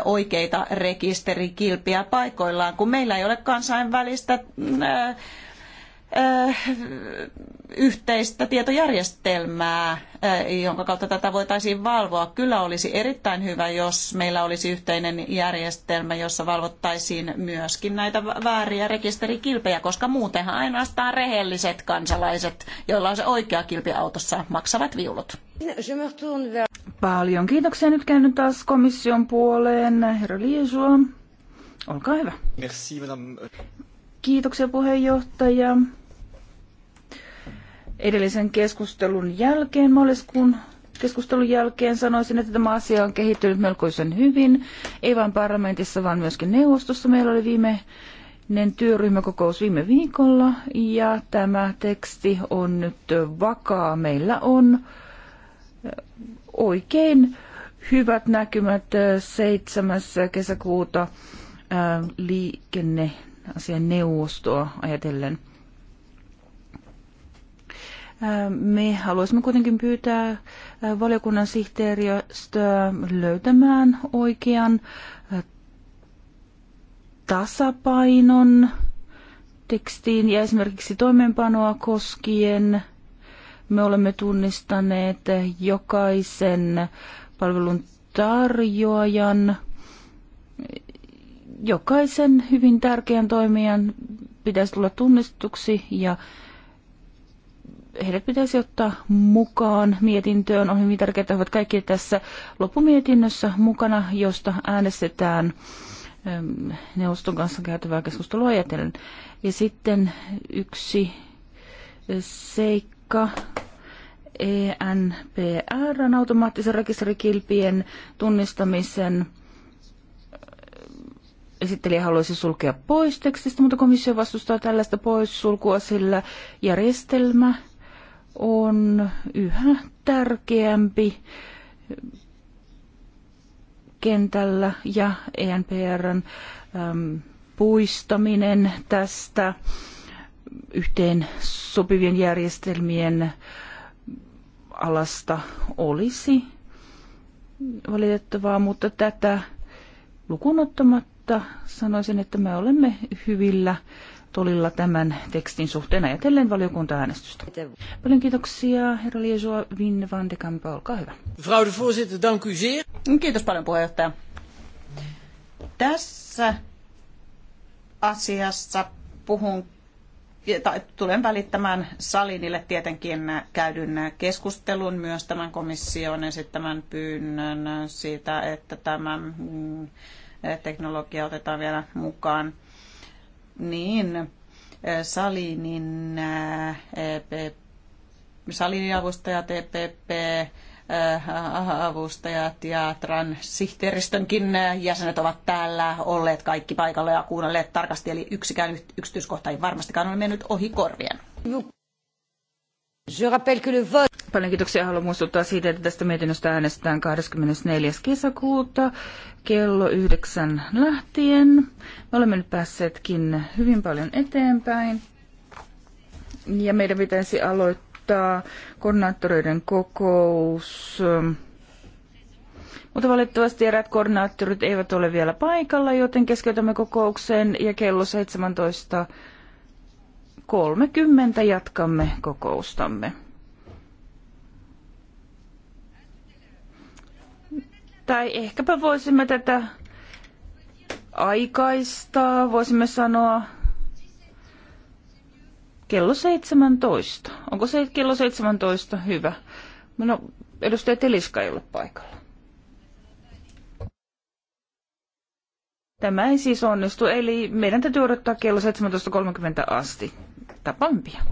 oikeita rekisterikilpiä paikoillaan, kun meillä ei ole kansainvälistä Äh, yhteistä tietojärjestelmää, äh, jonka kautta tätä voitaisiin valvoa. Kyllä olisi erittäin hyvä, jos meillä olisi yhteinen järjestelmä, jossa valvottaisiin myöskin näitä vääriä rekisterikilpejä, koska muutenhan ainoastaan rehelliset kansalaiset, joilla on se oikea kilpi autossa, maksavat viulut. Paljon kiitoksia. Nyt käyn taas komission puoleen. Herra Liesua, olkaa hyvä. Merci, madame. Kiitoksia puheenjohtaja edellisen keskustelun jälkeen, maaliskuun keskustelun jälkeen sanoisin, että tämä asia on kehittynyt melkoisen hyvin, ei vain parlamentissa, vaan myöskin neuvostossa. Meillä oli viimeinen työryhmäkokous viime viikolla ja tämä teksti on nyt vakaa. Meillä on oikein hyvät näkymät 7. kesäkuuta liikenneasian neuvostoa ajatellen – me haluaisimme kuitenkin pyytää valiokunnan sihteeriöstöä löytämään oikean tasapainon tekstiin ja esimerkiksi toimeenpanoa koskien. Me olemme tunnistaneet jokaisen palvelun tarjoajan, jokaisen hyvin tärkeän toimijan pitäisi tulla tunnistuksi ja heidät pitäisi ottaa mukaan mietintöön. On hyvin tärkeää, että ovat kaikki tässä loppumietinnössä mukana, josta äänestetään ähm, neuvoston kanssa käytävää keskustelua ajatellen. Ja sitten yksi seikka. ENPR on automaattisen rekisterikilpien tunnistamisen äh, esittelijä haluaisi sulkea pois tekstistä, mutta komissio vastustaa tällaista poissulkua, sillä järjestelmä on yhä tärkeämpi kentällä ja ENPRn puistaminen tästä yhteen sopivien järjestelmien alasta olisi valitettavaa, mutta tätä lukunottamatta sanoisin, että me olemme hyvillä tulilla tämän tekstin suhteen ajatellen valiokunta-äänestystä. Paljon kiitoksia, herra Liesua Vin van de Kampen, olkaa hyvä. Frau de voorzitter, dank u zeer. Kiitos paljon puheenjohtaja. Tässä asiassa puhun tai tulen välittämään Salinille tietenkin käydyn keskustelun myös tämän komission esittämän pyynnön siitä, että tämä mm, teknologia otetaan vielä mukaan niin äh, Salinin, äh, Salinin avustajat, EPP, äh, avustajat ja transsihteeristönkin jäsenet ovat täällä olleet kaikki paikalla ja kuunnelleet tarkasti, eli yksikään yksityiskohta ei varmastikaan ole mennyt ohi korvien. Paljon kiitoksia. Haluan muistuttaa siitä, että tästä mietinnöstä äänestetään 24. kesäkuuta kello yhdeksän lähtien. Me olemme nyt päässeetkin hyvin paljon eteenpäin. Ja meidän pitäisi aloittaa koordinaattoreiden kokous. Mutta valitettavasti eräät koordinaattorit eivät ole vielä paikalla, joten keskeytämme kokouksen ja kello 17 kolmekymmentä jatkamme kokoustamme. Tai ehkäpä voisimme tätä aikaistaa, voisimme sanoa kello 17. Onko se kello 17 hyvä? No, edustaja Teliska ei ole paikalla. Tämä ei siis onnistu, eli meidän täytyy odottaa kello 17.30 asti tapampia.